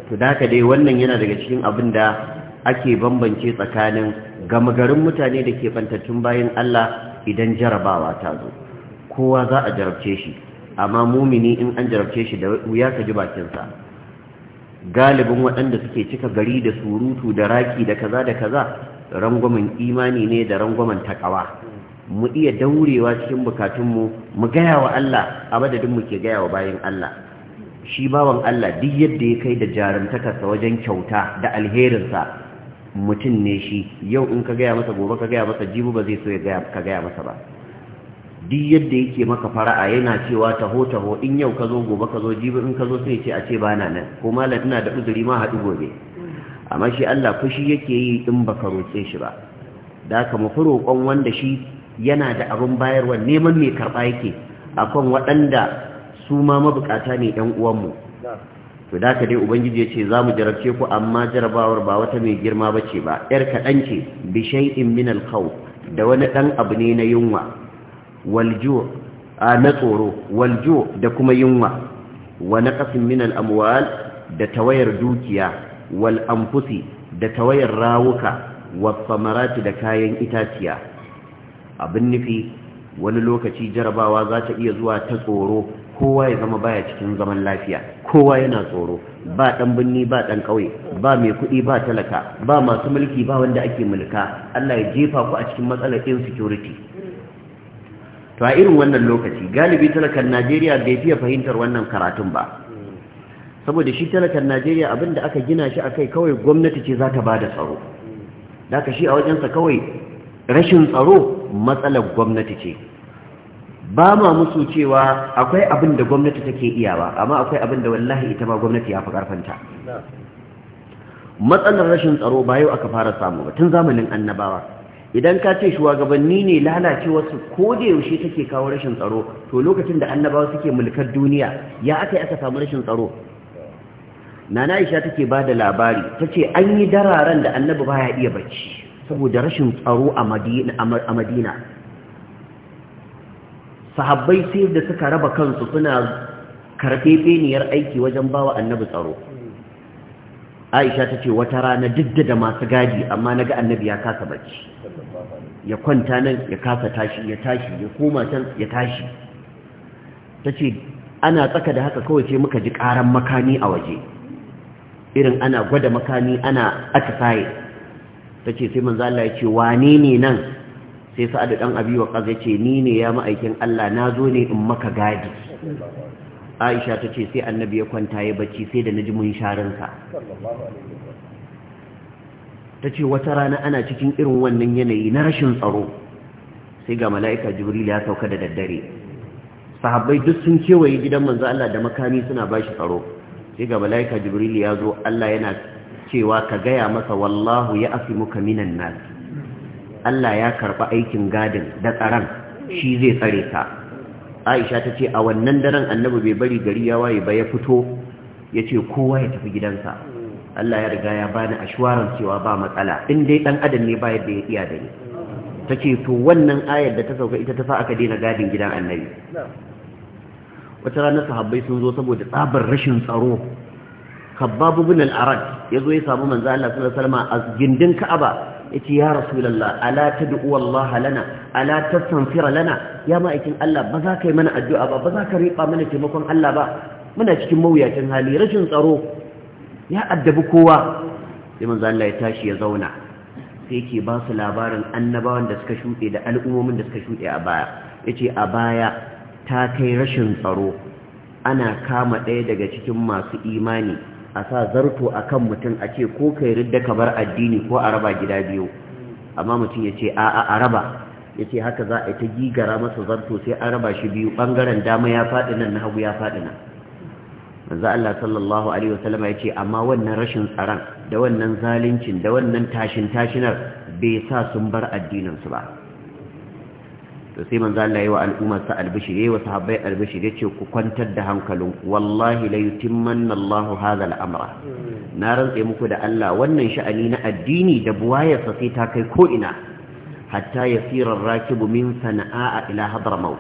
to da haka dai wannan yana daga cikin abin da ake bambance tsakanin gama garin mutane da ke bantattun bayan Allah idan jarabawa ta zo kowa za a jarabce shi amma mumini in an jarabce shi da wuya ka ji bakinsa galibin waɗanda suke cika gari da surutu da raki da kaza da kaza rangwamen imani ne da rangwamen takawa mu iya daurewa cikin bukatunmu mu gaya wa Allah a mu ke gaya wa bayan Allah shi bawan Allah duk yadda ya kai da jarumtakarsa wajen kyauta da alherinsa mutum ne shi yau in ka gaya masa gobe ka gaya masa jibu ba zai so ya gaya ka gaya masa ba duk yadda yake maka fara'a yana cewa taho taho in yau ka zo gobe ka zo jibu in ka zo sai ce a ce ba nan ko malam ina da uzuri ma haɗu gobe amma shi Allah fushi yake yi in baka roƙe shi ba da ka mu roƙon wanda shi yana da abun bayarwa neman mai karɓa yake akan waɗanda su ma mabukata ne ɗan uwanmu to da ka dai ubangiji ya ce za mu jarabce ku amma jarabawar ba wata mai girma ba ce ba Yar kaɗan ce bi shay'in min da wani ɗan abu ne na yunwa waljo a na tsoro waljo da kuma yunwa wa naqasin min al amwal da tawayar dukiya wal anfusi da tawayar rawuka wasamarati da kayan itaciya abin nufi wani lokaci jarabawa za ta iya zuwa ta tsoro kowa ya zama baya cikin zaman lafiya kowa yana tsoro ba ɗan birni ba ɗan ƙauye, ba mai kuɗi ba talaka ba masu mulki ba wanda ake mulka Allah ya jefa ku a cikin matsalar insecurity to a irin wannan lokaci galibi talakan Najeriya bai fiye fahimtar wannan karatun ba saboda shi talakan najeriya abinda aka gina shi a kai kawai gwamnati ce za ta ba da tsaro da ka shi a wajensa kawai rashin tsaro matsalar gwamnati ce ba ma musu cewa akwai abin da gwamnati take iyawa amma akwai abin da wallahi ita ma gwamnati ya fi karfanta matsalar rashin tsaro ba yau aka fara samu ba tun zamanin annabawa idan ka ce shugabanni ne lalacewa su ko da yaushe take kawo rashin tsaro to lokacin da annabawa suke mulkar duniya ya aka yi aka samu rashin tsaro nana aisha take ba da labari ta ce an yi dararen da annabi baya iya bacci saboda rashin tsaro a madina sahabbai sai da suka raba kansu suna karfefeniyar aiki wajen bawa annabi tsaro aisha ta ce wata rana didda da masu gadi amma naga annabi ya kasa bacci ya kwanta nan ya kasa tashi ya tashi ya koma can ya tashi ta ce ana tsaka da haka kawai ce muka ji karan makami a waje irin ana gwada makami ana atisaye ta ce sai manzo Allah ya ce wane ne nan sai Sa'adu dan abi wa ce ni ne ya ma'aikin Allah na zo ne in maka gadi Aisha ta ce sai annabi ya kwanta ya bacci sai da naji mun sharinsa ta ce wata rana ana cikin irin wannan yanayi na rashin tsaro sai ga mala'ika jibril ya sauka da daddare sahabbai duk sun kewaye gidan manzo Allah da makami suna bashi tsaro sai ga malaika jibril ya zo Allah yana cewa ka gaya masa wallahu ya muka minan nas Allah ya karba aikin gadin da tsaran shi zai tsare ka Aisha ta ce a wannan daren annabi bai bari gari ya waye ba ya fito ya ce kowa ya tafi gidansa Allah ya riga ya bani ashwaran cewa ba matsala in dai dan adam ne ba yadda ya iya da ni tace to wannan ayar da ta sauka ita ta fa aka dena gadin gidan annabi wata ranar sahabbai sun zo saboda tsabar rashin tsaro kabbabu bin al-arad zo ya samu manzo Allah sallallahu alaihi wasallam a gindin Ka'aba yace ya rasulullah ala tad'u Allah lana ala tastanfira lana ya ma'aikin Allah ba za ka yi mana addu'a ba ba za ka riba mana taimakon Allah ba muna cikin mawuyacin hali rashin tsaro ya addabi kowa sai manzo Allah ya tashi ya zauna sai ke ba su labarin annabawan da suka shuɗe da al'ummomin da suka shuɗe a baya ya ce a baya ta kai rashin tsaro ana kama ɗaya daga cikin masu imani a sa zarto a kan mutum a ce ko kai ridda ka bar addini ko a raba gida biyu amma mutum ya ce a'a a raba ya ce haka za a ta gigara masa zarto sai an raba shi biyu ɓangaren dama ya faɗi nan na hagu ya faɗi nan manzo Allah sallallahu alaihi wasallam ya ce amma wannan rashin tsaron da wannan zalincin da wannan tashin tashinar bai sa sun bar addinin su ba to sai manzo Allah yayi wa al'ummar sa albishir wa sahabbai albishir ce ku kwantar da hankalin. wallahi la yutimmanna Allahu hadha al na rantsa muku da Allah wannan sha'ani na addini da buwayarsa sai ta kai ko ina hatta yasira ar-rakibu min sana'a ila hadramaut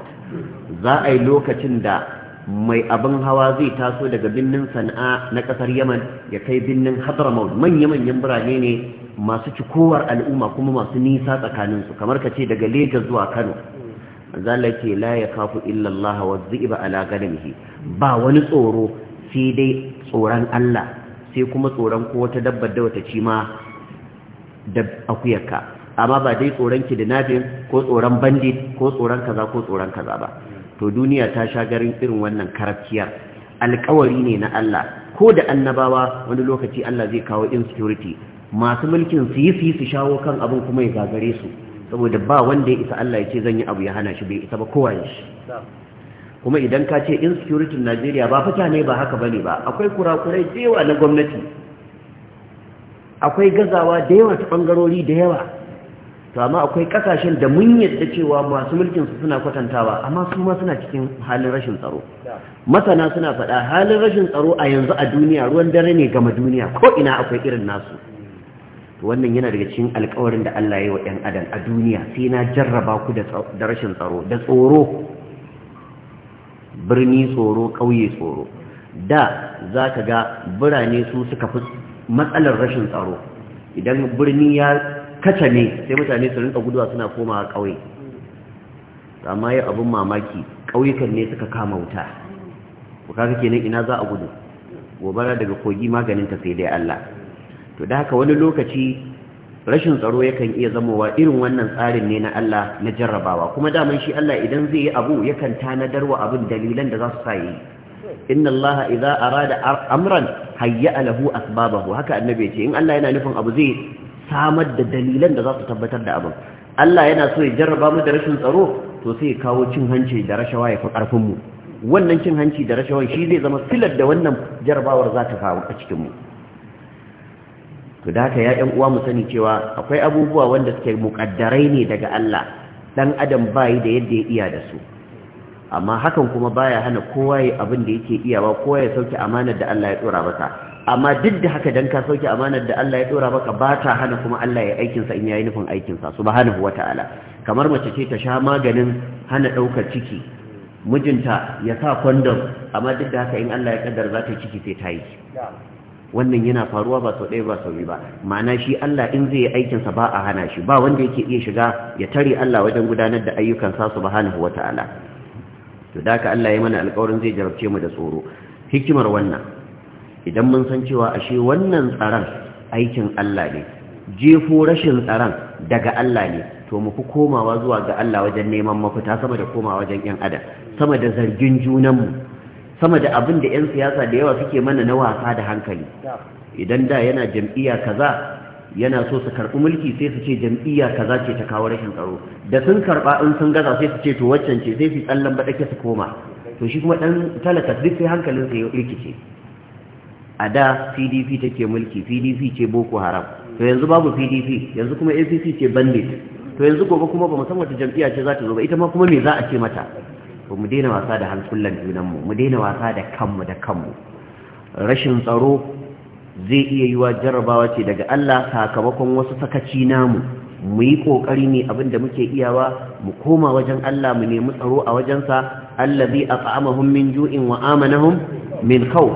za a yi lokacin da mai abin hawa zai taso daga binnin sana'a na kasar yaman ya kai binnin hadramaut manya-manyan birane ne masu cikowar al'umma kuma masu nisa tsakaninsu kamar ka ce daga Legas zuwa kano manzala ke la ya kafu illallah wa ziba ala gadamihi ba wani tsoro sai dai tsoron Allah sai kuma tsoron ko wata dabbar da wata ci ma da akuyarka amma ba dai tsoron kidnapping ko tsoron bandit ko tsoron kaza ko tsoron kaza ba to duniya ta sha garin irin wannan karafciyar alkawari ne na Allah ko da annabawa wani lokaci Allah zai kawo insecurity masu mulkin su yi su shawo kan abin kuma ya gagare su saboda ba wanda ya isa Allah ya ce zan yi abu ya hana shi bai isa ba kowa ya shi kuma idan ka ce insecurity Najeriya ba fita ne ba haka bane ba akwai kurakurai da yawa na gwamnati akwai gazawa da yawa ta bangarori da yawa to amma akwai kasashen da mun yadda cewa masu mulkin su suna kwatantawa amma su ma suna cikin halin rashin tsaro masana suna faɗa halin rashin tsaro a yanzu a duniya ruwan dare ne gama duniya ko ina akwai irin nasu wannan yana daga cikin alkawarin da Allah ya yi wa ɗan adam a duniya sai na jarraba ku da rashin tsaro da tsoro birni tsoro ƙauye tsoro da za ka ga birane su suka fi matsalar rashin tsaro idan birni ya kaca ne sai mutane su rinka guduwa suna komawa ƙauye amma yau abin mamaki ƙauyukan ne suka kama wuta ku kaga kenan ina za a gudu gobara daga kogi maganin ta sai dai Allah to da haka wani lokaci rashin tsaro yakan iya zamowa irin wannan tsarin ne na Allah na jarrabawa kuma daman shi Allah idan zai yi abu yakan tanadar wa abin dalilan da za su sa yi inna Allah idza arada amran hayya lahu asbabahu haka annabi ya ce in Allah yana nufin abu zai samar da dalilan da za su tabbatar da abin Allah yana so ya jarraba mu da rashin tsaro to sai kawo cin hanci da rashawa ya fi karfin mu wannan cin hanci da rashawa shi zai zama filar da wannan jarrabawar za ta kawo a cikin mu to da haka ya ɗan uwa mu sani cewa akwai abubuwa wanda suke muƙaddarai ne daga Allah dan adam bayi da yadda ya iya da su amma hakan kuma baya hana kowa ya abin da yake iyawa kowa ya sauke amanar da Allah ya tsora masa amma duk da haka dan ka sauke amanar da Allah ya tsora maka ba ta hana kuma Allah ya aikin sa in yayi nufin aikin sa subhanahu wataala kamar mace ce ta sha maganin hana daukar ciki mijinta ya sa kondom amma duk da haka in Allah ya kaddara za ta ciki sai ta yi wannan yana faruwa ba sau ɗaya ba sau ba ma'ana shi Allah in zai yi aikinsa ba a hana shi ba wanda yake iya shiga ya tare Allah wajen gudanar da ayyukan ayyukansa subhanahu wata'ala to da haka Allah ya mana alƙawarin zai jarabce mu da tsoro hikimar wannan idan mun san cewa ashe wannan tsaron aikin Allah ne jefo rashin tsaron daga Allah ne to mu fi komawa zuwa ga Allah wajen neman mafita sama da komawa wajen 'yan adam sama da zargin junanmu sama da abin da 'yan siyasa da yawa suke mana na wasa da hankali idan da yana jam'iyya kaza yana so su karɓi mulki sai su ce jam'iyya kaza ce ta kawo rashin tsaro da sun karɓa in sun gaza sai su ce to waccan ce sai su tsallan baɗake su koma to shi kuma ɗan talaka duk sai hankalinsa ya rikice a da pdp take mulki pdp ce boko haram to yanzu babu pdp yanzu kuma apc ce bandit to yanzu gobe kuma ba mu san jam'iyya ce za ta zo ba ita ma kuma me za a ce mata ba mu daina wasa da hankulan junanmu mu daina wasa da kanmu da kanmu rashin tsaro zai iya yiwa jarrabawa ce daga Allah sakamakon wasu sakaci namu mu yi ƙoƙari ne abin da muke iyawa mu koma wajen Allah mu nemi tsaro a wajensa allazi at'amahum min ju'in wa amanahum min khawf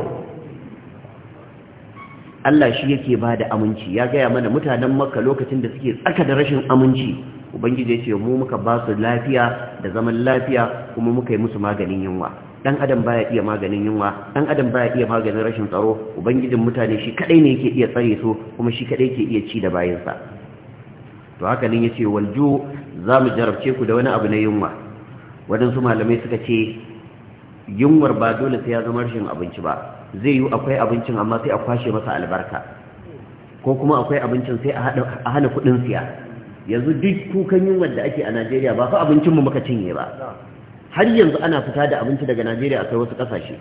Allah shi yake bada aminci ya gaya mana mutanen Makka lokacin da suke tsaka da rashin aminci ubangiji ya ce mu muka ba su lafiya da zaman lafiya kuma muka yi musu maganin yunwa dan adam baya iya maganin yunwa dan adam baya iya maganin rashin tsaro ubangijin mutane shi kadai ne yake iya tsare su kuma shi kadai ke iya ci da bayansa to haka nan ce walju za mu jarabce ku da wani abu na yunwa wadansu malamai suka ce yunwar ba dole sai ya zama rashin abinci ba zai yi akwai abincin amma sai a kwashe masa albarka ko kuma akwai abincin sai a hana kuɗin siya yanzu duk kukan yin da ake a Najeriya ba fa abincinmu muka cinye ba har yanzu ana fita da abinci daga Najeriya akai wasu kasashe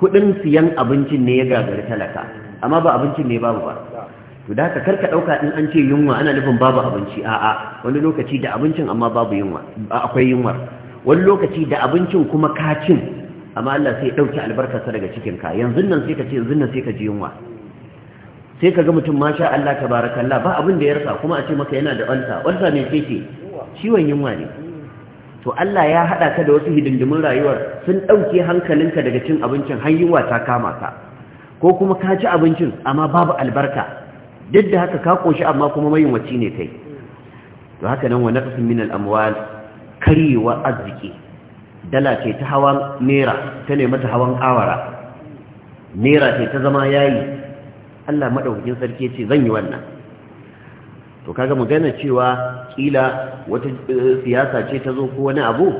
kudin siyan abincin ne ya gagari talaka amma ba abincin ne babu ba to da ka karka dauka in an ce yunwa ana nufin babu abinci a'a wani lokaci da abincin amma babu yunwa akwai yunwar wani lokaci da abincin kuma kacin amma Allah sai ya dauki albarkarsa daga cikin ka yanzu nan sai ka ce yanzu nan sai ka ji yunwa sai ka ga mutum masha Allah tabarakallah ba abin da ya rasa kuma a ce maka yana da ulsa ulsa ne ce ce ciwon yunwa ne to Allah ya hada ka da wasu hidindimin rayuwar sun dauke hankalinka daga cin abincin har yunwa ta kama ka ko kuma ka ci abincin amma babu albarka duk da haka ka koshi amma kuma mai ne kai to haka nan wa naqsin min al-amwal karyewa arziki dala ce ta hawan naira ta ne mata hawan awara naira ce ta zama yayi Allah maɗaukakin sarki ce zan yi wannan to kaga magana cewa kila wata eh, siyasa ce ta zo ko wani abu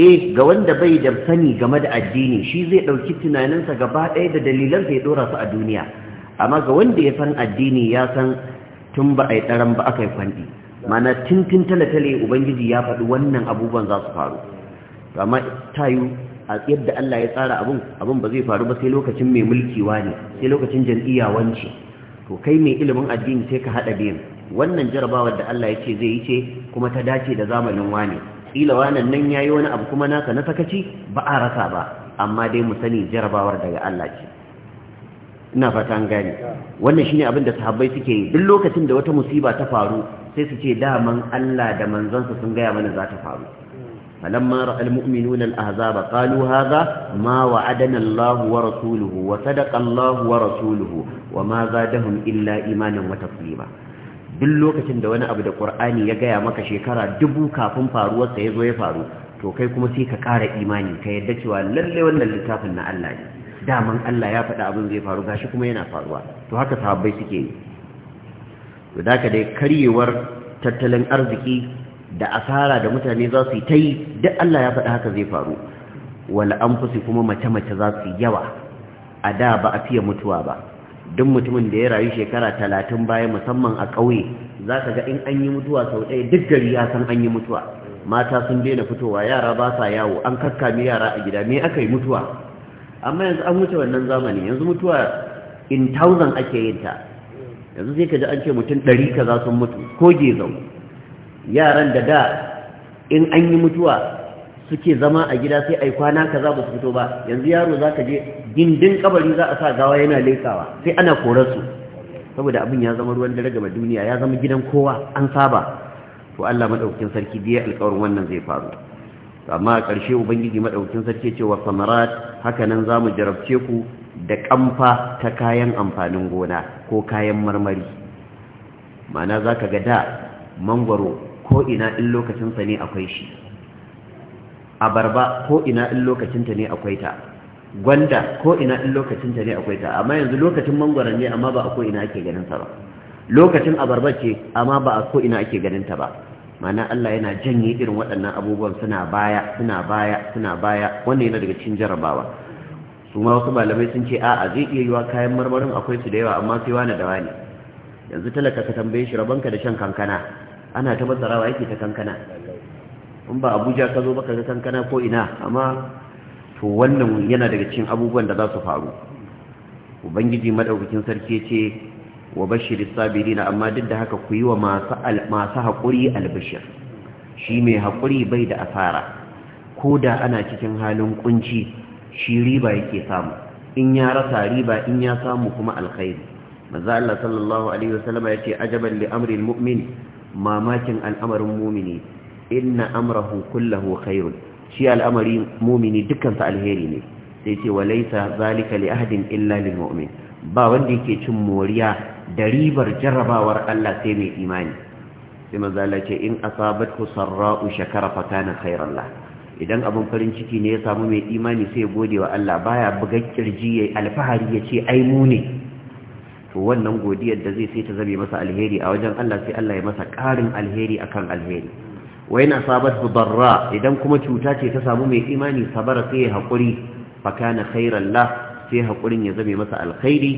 eh ga wanda bai da sani game da addini shi zai ɗauki tunaninsa gaba ɗaya da dalilansa ya ɗora su a duniya amma ga wanda ya san addini ya san tun ba a yi ɗaran ba aka yi kwanɗi mana tun tun talatale ubangiji ya faɗi wannan abubuwan za su faru amma ta yi a yadda Allah ya tsara abun abun ba zai faru ba sai lokacin mai mulki ne sai lokacin jam'iyya wance to kai mai ilimin addini sai ka hada biyan wannan jarabawar da Allah ya ce zai yi ce kuma ta dace da zamanin wane kila wannan nan yayi wani abu kuma naka na sakaci ba a rasa ba amma dai mu sani jarabawar daga Allah ce ina fata an gane wannan shine abin da sahabbai suke yi duk lokacin da wata musiba ta faru sai su ce daman Allah da sa sun gaya mana za ta faru فلما رأى المؤمنون الأحزاب قالوا هذا ما وعدنا الله ورسوله وصدق الله ورسوله وما زادهم إلا إيمانا وتسليما duk lokacin da wani abu da ƙur'ani ya gaya maka shekara dubu kafin faruwarsa ya zo ya faru to kai kuma sai ka ƙara imani ka yadda cewa lalle wannan littafin na Allah ne daman Allah ya faɗa abin zai faru gashi kuma yana faruwa to haka sahabbai suke yi to da ka dai karyewar tattalin arziki da asara da mutane za su yi ta yi duk Allah ya faɗi haka zai faru an fusi kuma mace-mace za su yawa a da ba a fiye mutuwa ba duk mutumin da ya rayu shekara talatin baya musamman a ƙauye za ka ga in an yi mutuwa sau ɗaya duk gari ya san an yi mutuwa mata sun daina fitowa yara ba sa yawo an kakkami yara a gida me aka yi mutuwa amma yanzu an wuce wannan zamani yanzu mutuwa in thousand ake yin ta yanzu sai ka ji an ce mutum ɗari ka za sun mutu ko gezau yaran da da in an yi mutuwa suke zama a gida sai ai kwana kaza ba su fito ba yanzu yaro za ka je gindin kabari za a sa gawa yana lekawa sai ana korarsu saboda abin ya zama ruwan dare gaba duniya ya zama gidan kowa an saba to Allah madaukakin sarki biya alƙawarin wannan zai faru amma a ƙarshe ubangiji madaukakin sarki ce wa samarat haka nan za mu jarabce ku da ƙamfa ta kayan amfanin gona ko kayan marmari ma'ana za ka ga da mangwaro ko ina in lokacinsa ne akwai shi abarba ko ina in lokacinta ne akwai ta gwanda ko ina in lokacinta ne akwai ta amma yanzu lokacin mangwaron ne amma ba a ko ina ake ganin ta ba lokacin abarba ce amma ba a ko ina ake ganin ta ba mana Allah yana janye irin waɗannan abubuwan suna baya suna baya suna baya wannan yana daga cikin jarabawa su ma wasu malamai sun ce a'a zai iya yiwa kayan marmarin akwai su da yawa amma sai wani da wani yanzu talaka ka tambaye shi rabanka da shan kankana ana ta batsarawa yake ta kankana in ba abuja ka zo baka ga kankana ko ina amma to wannan yana daga cikin abubuwan da za su faru ubangiji madaukakin sarki ce wa bashiris sabirina amma duk da haka ku yi wa masu haƙuri albashir shi mai haƙuri bai da asara ko da ana cikin halin ƙunci, shi riba yake samu in ya rasa riba in ya samu kuma alkhairi maza sallallahu alaihi wasallama yace ajaban li amril mu'min mamakin al'amarin mumini inna amrahu kullahu khairun shi al'amari mumini dukkansa alheri ne sai ce wa laisa zalika li ahadin illa lil mu'min ba wanda yake cin moriya da ribar jarrabawar Allah sai mai imani sai manzo Allah ce in asabathu sarra'u shakara fa kana khairan lah idan abin farin ciki ne ya samu mai imani sai ya gode wa Allah baya buga kirji yayi alfahari yace ai mu ne to wannan godiyar da zai sai ta zabe masa alheri a wajen Allah sai Allah ya masa ƙarin alheri akan alheri wa yana sabat darra idan kuma cuta ce ta samu mai imani sabara sai ya haƙuri fa kana khairan la sai haƙurin ya zabe masa alkhairi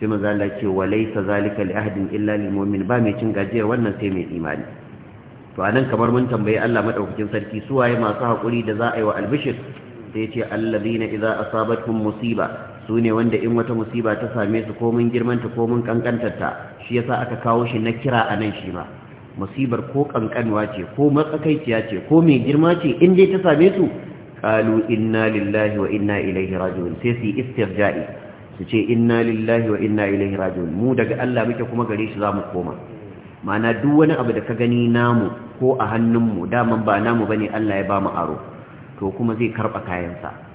sai maza Allah ce wa laysa zalika li ahadin illa lil mu'min ba mai cin gajiyar wannan sai mai imani to anan kamar mun tambaye Allah madaukakin sarki su waye masu haƙuri da za a yi wa albishir sai ya ce alladhina idza asabatkum musiba su ne wanda in wata musiba ta same su ko mun girmanta ko mun kankantarta shi yasa aka kawo shi na kira a nan shi ma musibar ko kankanwa ce ko matsakaiciya ce ko mai girma ce in dai ta same su qalu inna lillahi wa inna ilaihi raji'un sai su istirja'i su ce inna lillahi wa inna ilaihi raji'un mu daga Allah muke kuma gare shi zamu koma ma'ana duk wani abu da ka gani namu ko a hannunmu daman ba namu bane Allah ya ba mu aro to kuma zai karba kayansa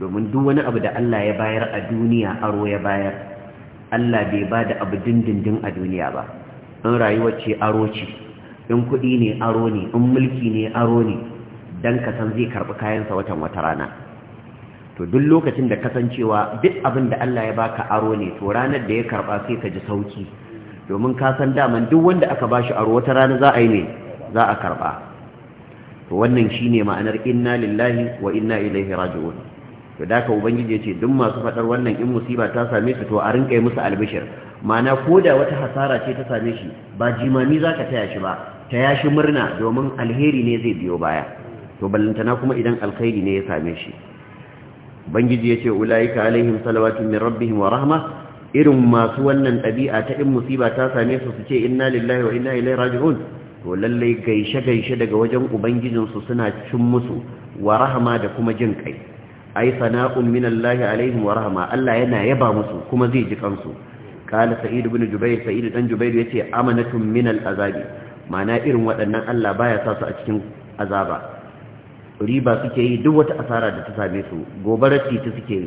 domin duk wani abu da Allah ya bayar a duniya aro ya bayar Allah bai ba da abu dindindin a duniya ba in rayuwar ce aro ce in kuɗi ne aro ne in mulki ne aro ne Dan kasan zai karɓi kayansa watan wata rana to duk lokacin da kasancewa duk abin da Allah ya baka aro ne to ranar da ya karɓa sai ka ji sauki domin ka san daman duk wanda aka bashi aro wata rana za a yi ne za a karɓa to wannan shine ma'anar inna lillahi wa inna ilaihi raji'un to da ka ubangiji ya ce duk masu faɗar wannan in musiba ta same su to a rinka yi musu albishir ma'ana ko da wata hasara ce ta same shi ba jimami za ka taya shi ba ta shi murna domin alheri ne zai biyo baya to ballantana kuma idan alkhairi ne ya same shi ubangiji ya ce ula'ika alaihim salawatu min rabbihim wa rahma irin masu wannan ɗabi'a ta in musiba ta same su su ce inna lillahi wa inna ilaihi raji'un to lallai gaishe gaishe daga wajen ubangijinsu suna cin musu wa rahama da kuma jin kai Ai sana'un minan Allah alaihim wa rahma Allah yana yaba musu kuma zai ji kansu kala Sa'idu bin jubair Sa'idu dan jubair yace amanatun min al-azabi mana irin waɗannan Allah baya sa su a cikin azaba riba suke yi duk wata asara da ta same su gobarati ta suke yi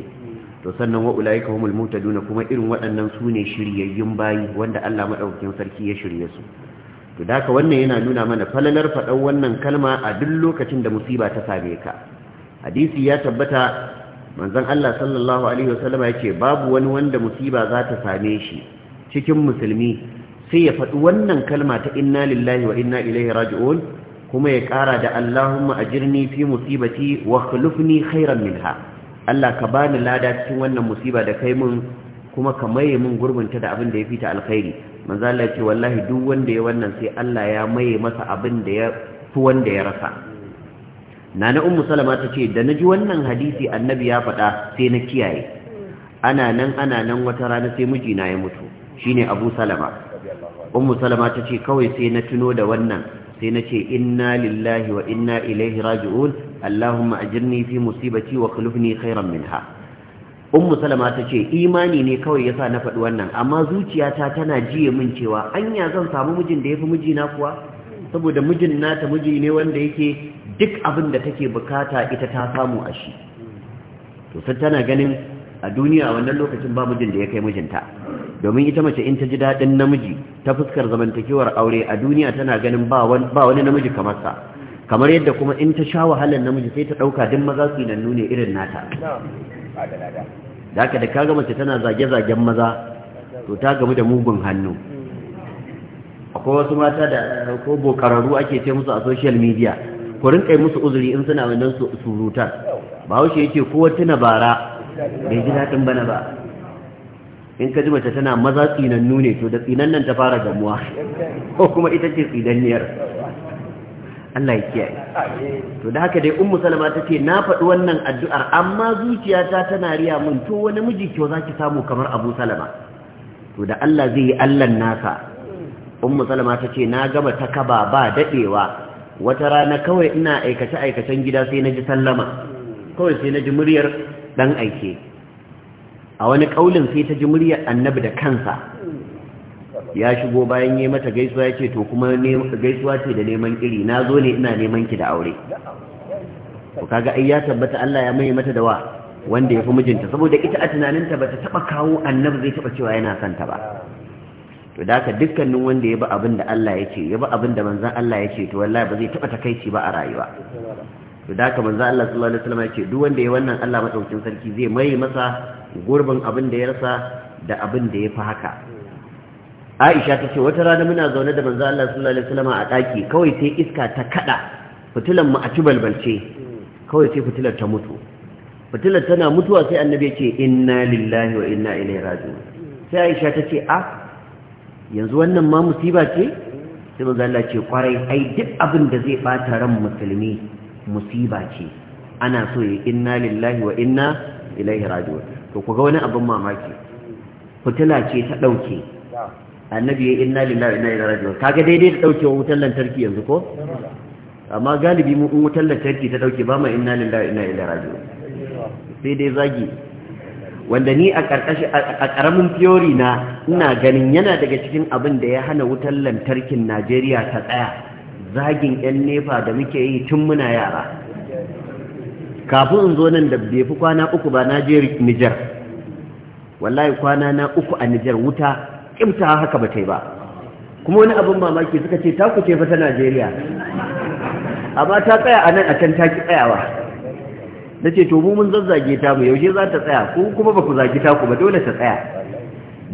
to sannan wa ulaika humul muhtaduna kuma irin waɗannan su ne shiryayyun bayi wanda Allah madaukakin sarki ya shirye su to daka wannan yana nuna mana falalar faɗan wannan kalma a duk lokacin da musiba ta same ka hadisi ya tabbata manzon Allah sallallahu alaihi ya ce babu wani wanda musiba za ta same shi cikin musulmi sai ya faɗi wannan kalma ta inna lillahi wa inna ilaihi raji'un kuma ya ƙara da Allahumma ajirni fi musibati wa khulufni khairan minha Allah ka bani lada cikin wannan musiba da kai mun kuma ka maye mun gurbinta da abin da ya fita alkhairi manzo Allah ya ce wallahi duk wanda ya wannan sai Allah ya maye masa abin da ya fi wanda ya rasa nana ummu salama ta ce da na ji wannan hadisi annabi ya faɗa sai na kiyaye ana nan ana nan wata rana sai mijina ya mutu shine abu salama ummu salama ta ce kawai sai na tuno da wannan sai na ce inna lillahi wa inna ilaihi raji'un allahumma ajirni fi musibati wa khulufni khairan minha ummu salama ta ce imani ne kawai yasa na faɗi wannan amma zuciyata tana jiye min cewa anya zan samu mijin da ya fi mijina kuwa saboda mijin nata miji ne wanda yake duk abin da take bukata ita ta samu a shi to sai tana ganin a duniya wannan lokacin ba mijin da ya kai mijinta domin ita mace in ta ji daɗin namiji ta fuskar zamantakewar aure a duniya tana ganin ba wani namiji kamar sa kamar yadda kuma in ta sha wahalar namiji sai ta ɗauka duk maza su nan nune irin nata da da kaga mace tana zage-zagen maza to ta gamu da mugun hannu akwai wasu mata da ko bokararru ake ce musu a social media ku rinƙai musu uzuri in suna wannan surutar ba haushe yake ko tuna bara bai ji daɗin bana ba in ka ji mace tana maza tsinannu ne to da tsinan nan ta fara gamuwa ko kuma ita ce niyar Allah ya kiyaye to da haka dai ummu salama ta ce na faɗi wannan addu'ar amma zuciyata tana riya mun, to wani miji kyau zaki samu kamar abu salama to da Allah zai yi Allah nasa ummu salama ta ce na gama ta kaba ba daɗewa wata rana kawai ina aikace aikacen gida sai na ji sallama kawai sai na ji muryar dan aike a wani kaulin sai ta ji muryar annabi da kansa ya shigo bayan yi mata gaisuwa ya ce to kuma gaisuwa ce da neman iri na zo ne ina neman ki da aure to kaga ai ya tabbata Allah ya mai mata da wa wanda ya fi mijinta saboda ita a tunaninta bata ta taɓa kawo annabi zai taba cewa yana son ba to da haka dukkanin wanda ya bi abin da Allah ya ce ya bi abin da manzan Allah ya ce to wallahi ba zai taɓa takaici ba a rayuwa to da haka manzan Allah sallallahu alaihi wasallam ya ce duk wanda ya wannan Allah madaukakin sarki zai mai masa gurbin abin da ya rasa da abin da ya fi haka Aisha ta ce wata rana muna zaune da manzan Allah sallallahu alaihi wasallam a daki kawai sai iska ta kada fitilan mu a ci balbalce kawai sai fitilar ta mutu fitilar tana mutuwa sai annabi ya ce inna lillahi wa inna ilaihi raji'un sai Aisha ta ce a ah, yanzu wannan ma musiba ce sai manzo Allah ce kwarai ai duk abin da zai bata ran musulmi musiba ce ana so ya inna lillahi wa inna ilaihi raji'un to kuga wani abin mamaki fitila ce ta dauke annabi ya inna lillahi wa inna ilaihi raji'un kaga daidai da dauke wutar lantarki yanzu ko amma galibi mu in wutar lantarki ta dauke ba mu inna lillahi wa inna ilaihi raji'un sai dai zagi wanda ni a a ƙaramin fiyori na ina ganin yana daga cikin abin da ya hana wutar lantarkin najeriya ta tsaya zagin 'yan nefa da muke yi tun muna yara kafin in zo nan da bai fi kwana uku ba na nijar wallahi kwana na uku a nijar wuta kimta haka ba ta yi ba kuma wani abin mamaki suka ce ta ku fa ta najeriya amma ta tsaya a nan a can ta ki tsayawa na ce to mu mun zazzage ta mu yaushe za ta tsaya ko kuma ba ku zagi ta ku ba dole ta tsaya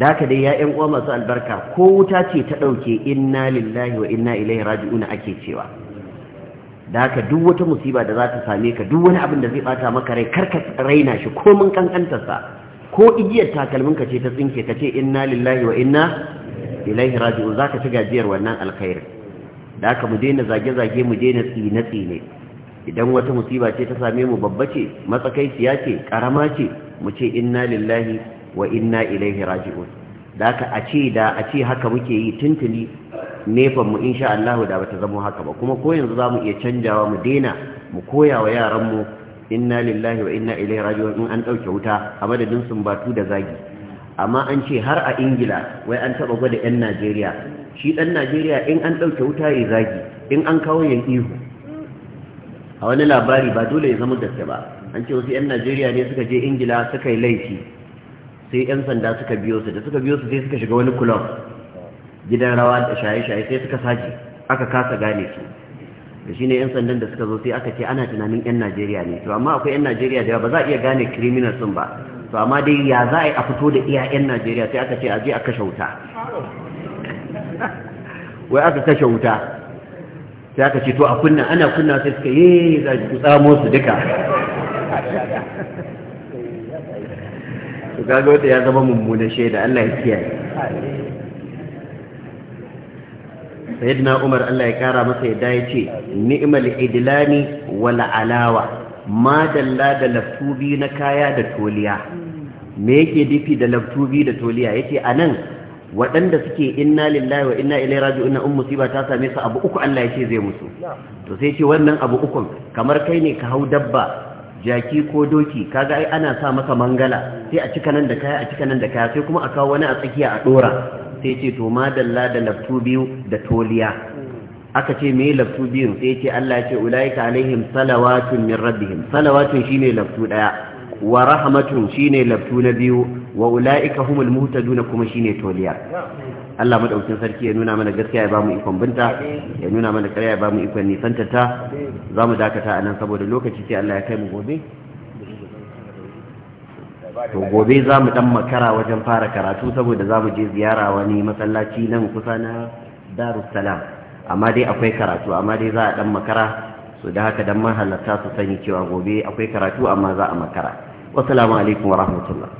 da haka dai ya ƴan uwa masu albarka ko wuta ce ta ɗauke inna lillahi wa inna ilaihi raji'una ake cewa da haka duk wata musiba da za ta same ka duk wani abin da zai bata maka rai karka raina shi ko mun sa. ko igiyar takalmin ka ce ta tsinke ka ce inna lillahi wa inna ilaihi raji'un zaka ci gajiyar wannan alkhairi da haka mu daina zage-zage mu daina tsine-tsine idan wata musiba ce ta same mu babba ce matsakaiciya ce karama ce mu ce inna lillahi wa inna ilaihi raji'un da haka a ce da a ce haka muke yi tuntuni nefan mu insha Allah da bata zama haka ba kuma ko yanzu zamu iya canjawa mu daina mu koya wa yaran mu inna lillahi wa inna ilaihi raji'un in an dauke wuta a madadin sun da zagi amma an ce har a Ingila wai an taba gwada yan Najeriya shi ɗan Najeriya in an dauke wuta ya zagi in an kawo yan ihu a wani labari ba dole ya zama gaske ba an ce wasu 'yan najeriya ne suka je ingila suka yi laifi sai 'yan sanda suka biyo su da suka biyo su sai suka shiga wani kulob gidan rawa da shaye-shaye sai suka sace aka kasa gane su da shi ne 'yan sandan da suka zo sai aka ce ana tunanin 'yan najeriya ne to amma akwai 'yan najeriya da ba za a iya gane criminal sun ba to amma dai ya za a yi a fito da iya 'yan najeriya sai aka ce a je a kashe wuta wai aka kashe wuta sai aka ce to a kunna ana kunna sai suka yi za ku tsamo su duka to kaga wata ya zama mummunan shaida Allah ya kiyaye sayyidina Umar Allah ya kara masa yadda ya ce ni'mal idlani wal alawa ma dalla da laftubi na kaya da toliya me yake difi da laftubi da toliya a anan waɗanda suke inna lillahi wa inna ilaihi raji'un musiba ta same su abu uku Allah ya ce zai musu to sai ce wannan abu ukun kamar kai ne ka hau dabba jaki ko doki kaga ai ana sa maka mangala sai a cika nan da kaya a cika nan da kaya sai kuma a kawo wani a tsakiya a dora sai ce to madalla da laftu biyu da toliya aka ce me laftu biyun sai ce Allah ya ce ulaika alaihim salawatun min rabbihim salawatun shine laftu daya wa rahmatun shine laftu na biyu wa ula'ika humul muhtaduna kuma shine toliya Allah madaukin sarki ya nuna mana gaskiya ya ba mu ikon binta ya nuna mana ƙarya ya ba mu ikon nisantata za mu dakata a nan saboda lokaci sai Allah ya kai mu gobe to gobe za mu dan makara wajen fara karatu saboda za mu je ziyara wani masallaci nan kusa na salam amma dai akwai karatu amma dai za a dan makara so da haka dan mahalarta su sani cewa gobe akwai karatu amma za a makara Wasu alaikum wa rahmatullah